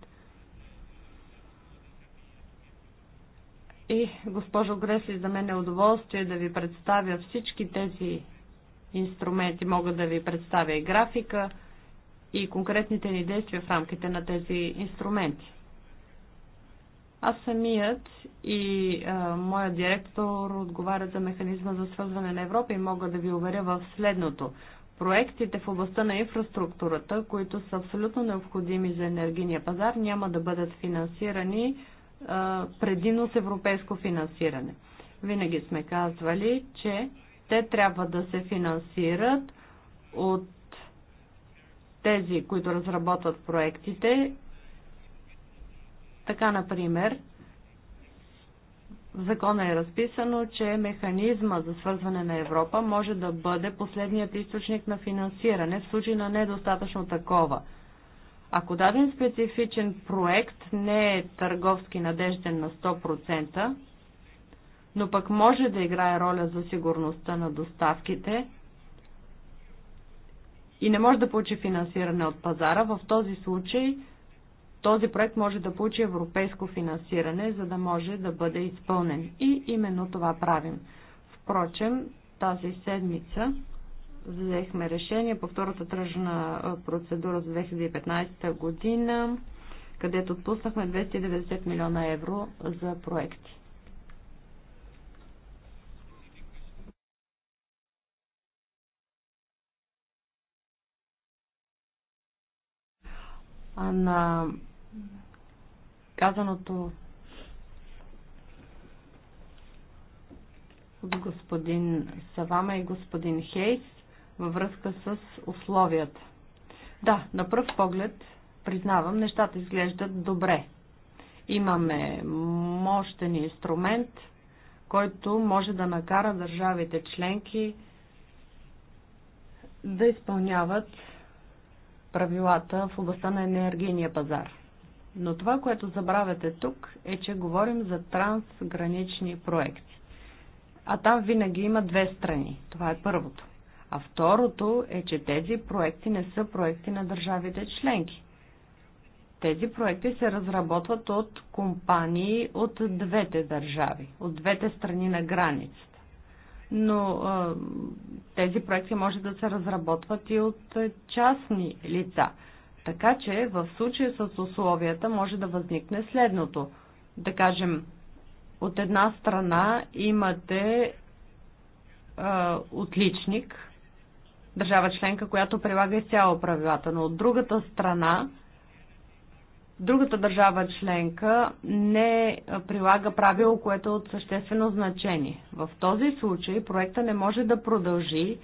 И, госпожо Гресли, за мен е удоволствие да ви представя всички тези инструменти. Мога да ви представя и графика, и конкретните ни действия в рамките на тези инструменти. Аз самият и а, моят директор отговарят за механизма за свързване на Европа и мога да ви уверя в следното. Проектите в областта на инфраструктурата, които са абсолютно необходими за енергийния пазар, няма да бъдат финансирани предимно с европейско финансиране. Винаги сме казвали, че те трябва да се финансират от тези, които разработват проектите. Така, например, в закона е разписано, че механизма за свързване на Европа може да бъде последният източник на финансиране в случай на недостатъчно такова – ако даден специфичен проект не е търговски надежден на 100%, но пък може да играе роля за сигурността на доставките и не може да получи финансиране от пазара, в този случай този проект може да получи европейско финансиране, за да може да бъде изпълнен. И именно това правим. Впрочем, тази седмица взехме решение по втората тръжна процедура за 2015 година, където отпуснахме 290 милиона евро за проекти. А на казаното от господин Савама и господин Хейс във връзка с условията. Да, на пръв поглед, признавам, нещата изглеждат добре. Имаме мощен инструмент, който може да накара държавите членки да изпълняват правилата в областта на енергийния пазар. Но това, което забравяте тук, е, че говорим за трансгранични проекти. А там винаги има две страни. Това е първото. А второто е, че тези проекти не са проекти на държавите членки. Тези проекти се разработват от компании от двете държави, от двете страни на границата. Но тези проекти може да се разработват и от частни лица. Така че в случая с условията може да възникне следното. Да кажем, от една страна имате отличник, държава членка, която прилага изцяло правилата. Но от другата страна, другата държава членка не прилага правило, което е от съществено значение. В този случай проекта не може да продължи,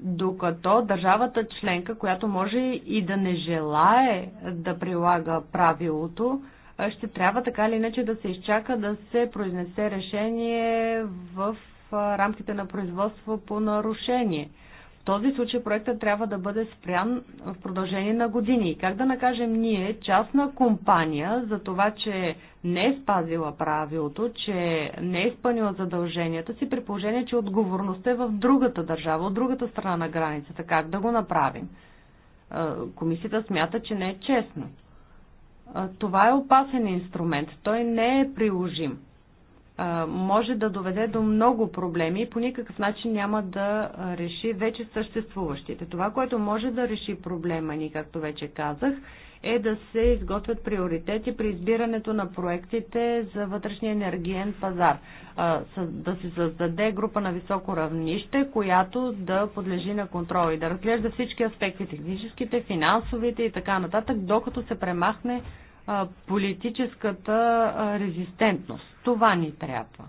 докато държавата членка, която може и да не желае да прилага правилото, ще трябва така или иначе да се изчака да се произнесе решение в рамките на производство по нарушение този случай проектът трябва да бъде спрян в продължение на години. Как да накажем ние, частна компания, за това, че не е спазила правилото, че не е изпълнила задълженията си, при положение, че отговорността е в другата държава, от другата страна на границата. Как да го направим? Комисията смята, че не е честно. Това е опасен инструмент. Той не е приложим може да доведе до много проблеми и по никакъв начин няма да реши вече съществуващите. Това, което може да реши проблема ни, както вече казах, е да се изготвят приоритети при избирането на проектите за вътрешния енергиен пазар. Да се създаде група на високо равнище, която да подлежи на контрол и да разглежда всички аспекти, техническите, финансовите и така нататък, докато се премахне политическата резистентност. Това ни трябва.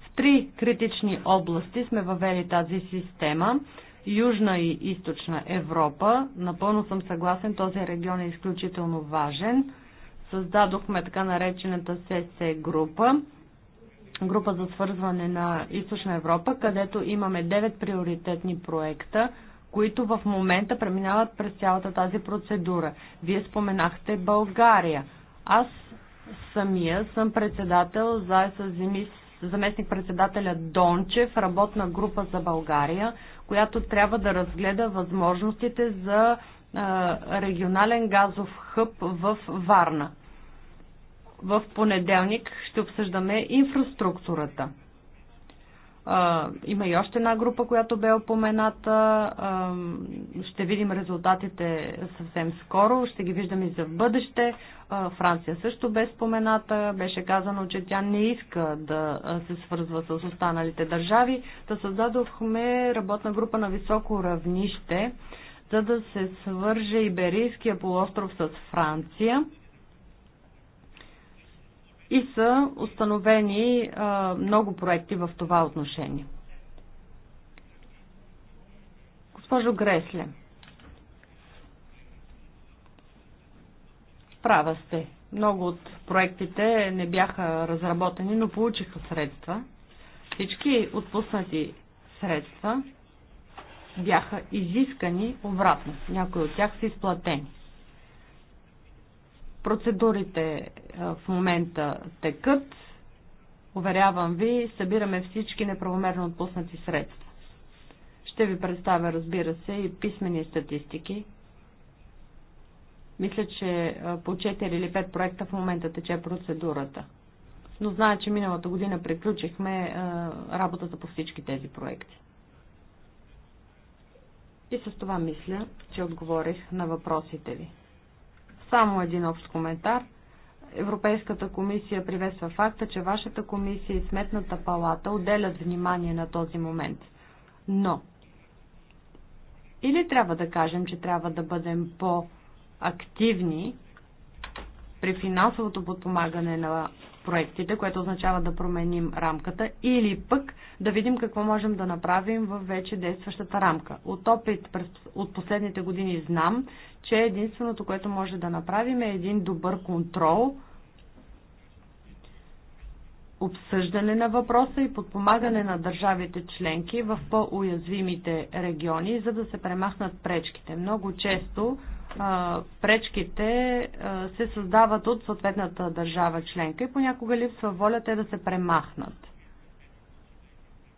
В три критични области сме въвели тази система. Южна и източна Европа. Напълно съм съгласен, този регион е изключително важен. Създадохме така наречената СС група, група за свързване на източна Европа, където имаме 9 приоритетни проекта, които в момента преминават през цялата тази процедура. Вие споменахте България. Аз самия съм председател заедно с заместник-председателя Дончев, работна група за България, която трябва да разгледа възможностите за регионален газов хъб в Варна. В понеделник ще обсъждаме инфраструктурата. А, има и още една група, която бе опомената. А, ще видим резултатите съвсем скоро. Ще ги виждаме и за бъдеще. А, Франция също бе спомената. Беше казано, че тя не иска да се свързва с останалите държави. Та да създадохме работна група на високо равнище, за да се свърже Иберийския полуостров с Франция и са установени а, много проекти в това отношение. Госпожо Гресле, права сте. Много от проектите не бяха разработени, но получиха средства. Всички отпуснати средства бяха изискани обратно. Някои от тях са изплатени. Процедурите в момента текат. Уверявам ви, събираме всички неправомерно отпуснати средства. Ще ви представя, разбира се, и писмени статистики. Мисля, че по 4 или 5 проекта в момента тече процедурата. Но знае, че миналата година приключихме работата по всички тези проекти. И с това мисля, че отговорих на въпросите ви. Само един общ коментар. Европейската комисия приветства факта, че вашата комисия и Сметната палата отделят внимание на този момент. Но, или трябва да кажем, че трябва да бъдем по-активни при финансовото подпомагане на проектите, което означава да променим рамката или пък да видим какво можем да направим в вече действащата рамка. От опит през, от последните години знам, че единственото, което може да направим е един добър контрол, обсъждане на въпроса и подпомагане на държавите членки в по-уязвимите региони, за да се премахнат пречките. Много често пречките се създават от съответната държава членка и понякога липсва воля те да се премахнат.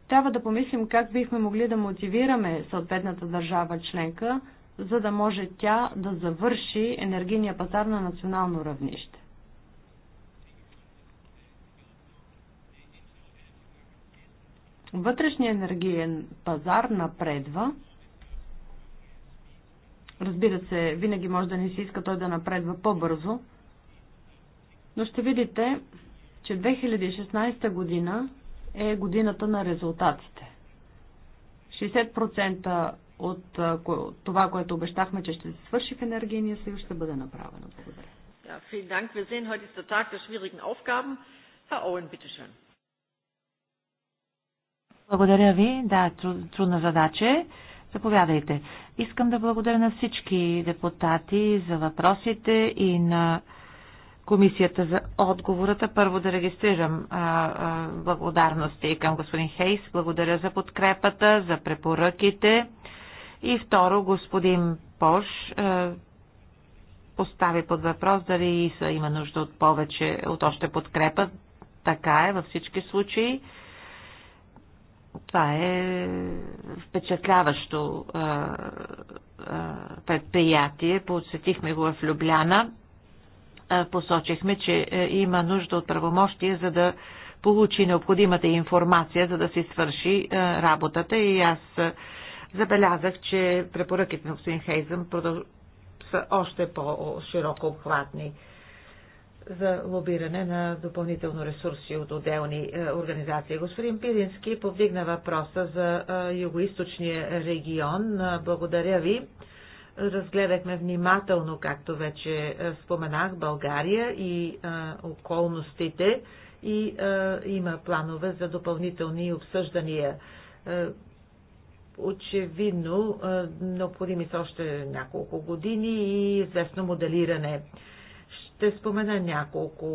Трябва да помислим как бихме могли да мотивираме съответната държава членка, за да може тя да завърши енергийния пазар на национално равнище. Вътрешният енергиен пазар напредва, Разбира се, винаги може да не си иска той да напредва по-бързо, но ще видите, че 2016 година е годината на резултатите. 60% от това, което обещахме, че ще се свърши в енергийния съюз, ще бъде направено. Благодаря. Благодаря ви. Да, трудна задача е. Заповядайте. Искам да благодаря на всички депутати за въпросите и на комисията за отговората. Първо да регистрирам а, а, благодарности към господин Хейс. Благодаря за подкрепата, за препоръките. И второ, господин Пош а, постави под въпрос дали има нужда от повече, от още подкрепа. Така е във всички случаи. Това е впечатляващо предприятие. Подсетихме го в Любляна. посочихме, че е, има нужда от правомощие, за да получи необходимата информация, за да си свърши работата. И аз забелязах, че препоръките на господин Хейзъм продъл... са още по-широко обхватни за лобиране на допълнително ресурси от отделни е, организации. Господин Пирински повдигна въпроса за е, югоисточния регион. Е, благодаря ви. Разгледахме внимателно, както вече споменах, България и околностите и има планове за допълнителни обсъждания. Очевидно, необходими са още няколко години и известно моделиране. Ще спомена няколко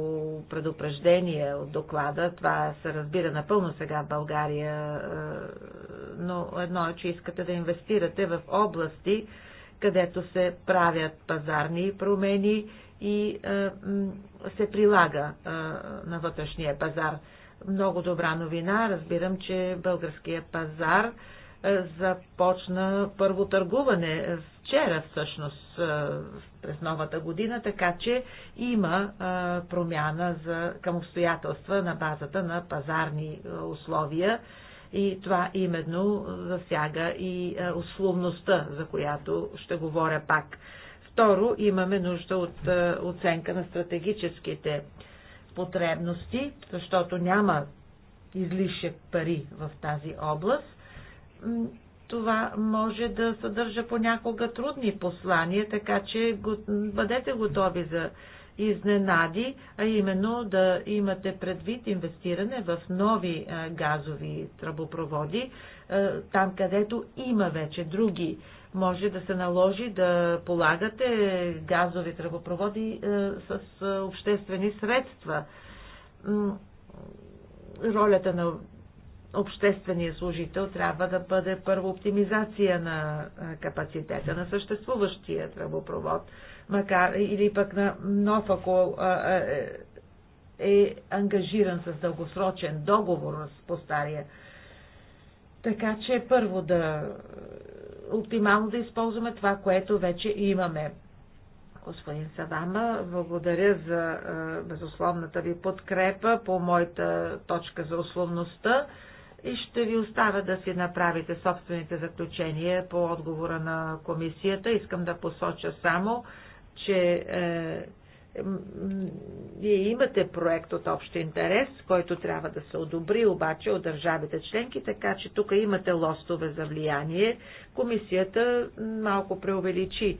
предупреждения от доклада. Това се разбира напълно сега в България, е, но едно е, че искате да инвестирате в области, където се правят пазарни промени и е, се прилага е, на вътрешния пазар. Много добра новина. Разбирам, че българския пазар започна първо търгуване вчера всъщност през новата година, така че има промяна за, към обстоятелства на базата на пазарни условия и това именно засяга и условността, за която ще говоря пак. Второ, имаме нужда от оценка на стратегическите потребности, защото няма излишък пари в тази област това може да съдържа понякога трудни послания, така че бъдете готови за изненади, а именно да имате предвид инвестиране в нови газови тръбопроводи, там където има вече други. Може да се наложи да полагате газови тръбопроводи с обществени средства ролята на обществения служител трябва да бъде първо оптимизация на капацитета на съществуващия тръбопровод, макар или пък на нов, ако е, е ангажиран с дългосрочен договор по стария. Така че първо да оптимално да използваме това, което вече имаме. Господин Савама, благодаря за безусловната ви подкрепа по моята точка за условността и ще ви оставя да си направите собствените заключения по отговора на комисията. Искам да посоча само, че е, вие имате проект от общ интерес, който трябва да се одобри обаче от държавите членки, така че тук имате лостове за влияние. Комисията малко преувеличи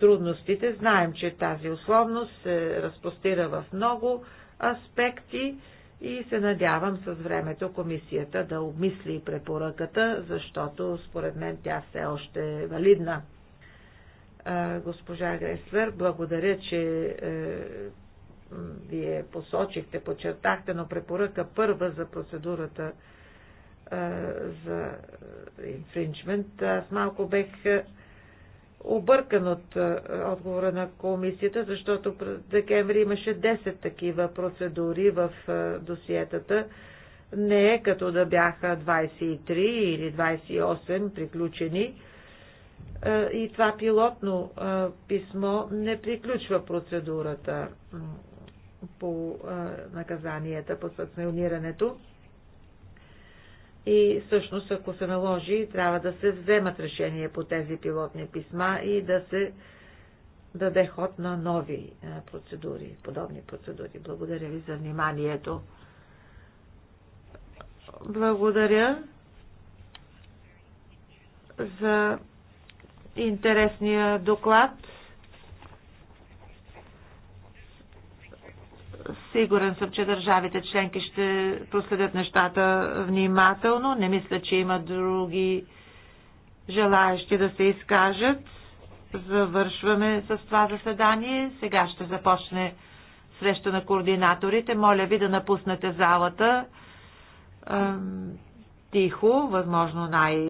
трудностите. Знаем, че тази условност се разпростира в много аспекти и се надявам с времето комисията да обмисли препоръката, защото според мен тя все още е валидна. Госпожа Греслер, благодаря, че е, вие посочихте, подчертахте, но препоръка първа за процедурата е, за инфринчмент. Аз малко бех объркан от е, отговора на комисията, защото през декември имаше 10 такива процедури в е, досиетата. Не е като да бяха 23 или 28 приключени. Е, и това пилотно писмо не приключва процедурата по наказанията, по санкционирането и всъщност, ако се наложи, трябва да се вземат решения по тези пилотни писма и да се даде ход на нови процедури, подобни процедури. Благодаря ви за вниманието. Благодаря за интересния доклад. Сигурен съм, че държавите членки ще проследят нещата внимателно. Не мисля, че има други желаящи да се изкажат. Завършваме с това заседание. Сега ще започне среща на координаторите. Моля ви да напуснете залата тихо, възможно най-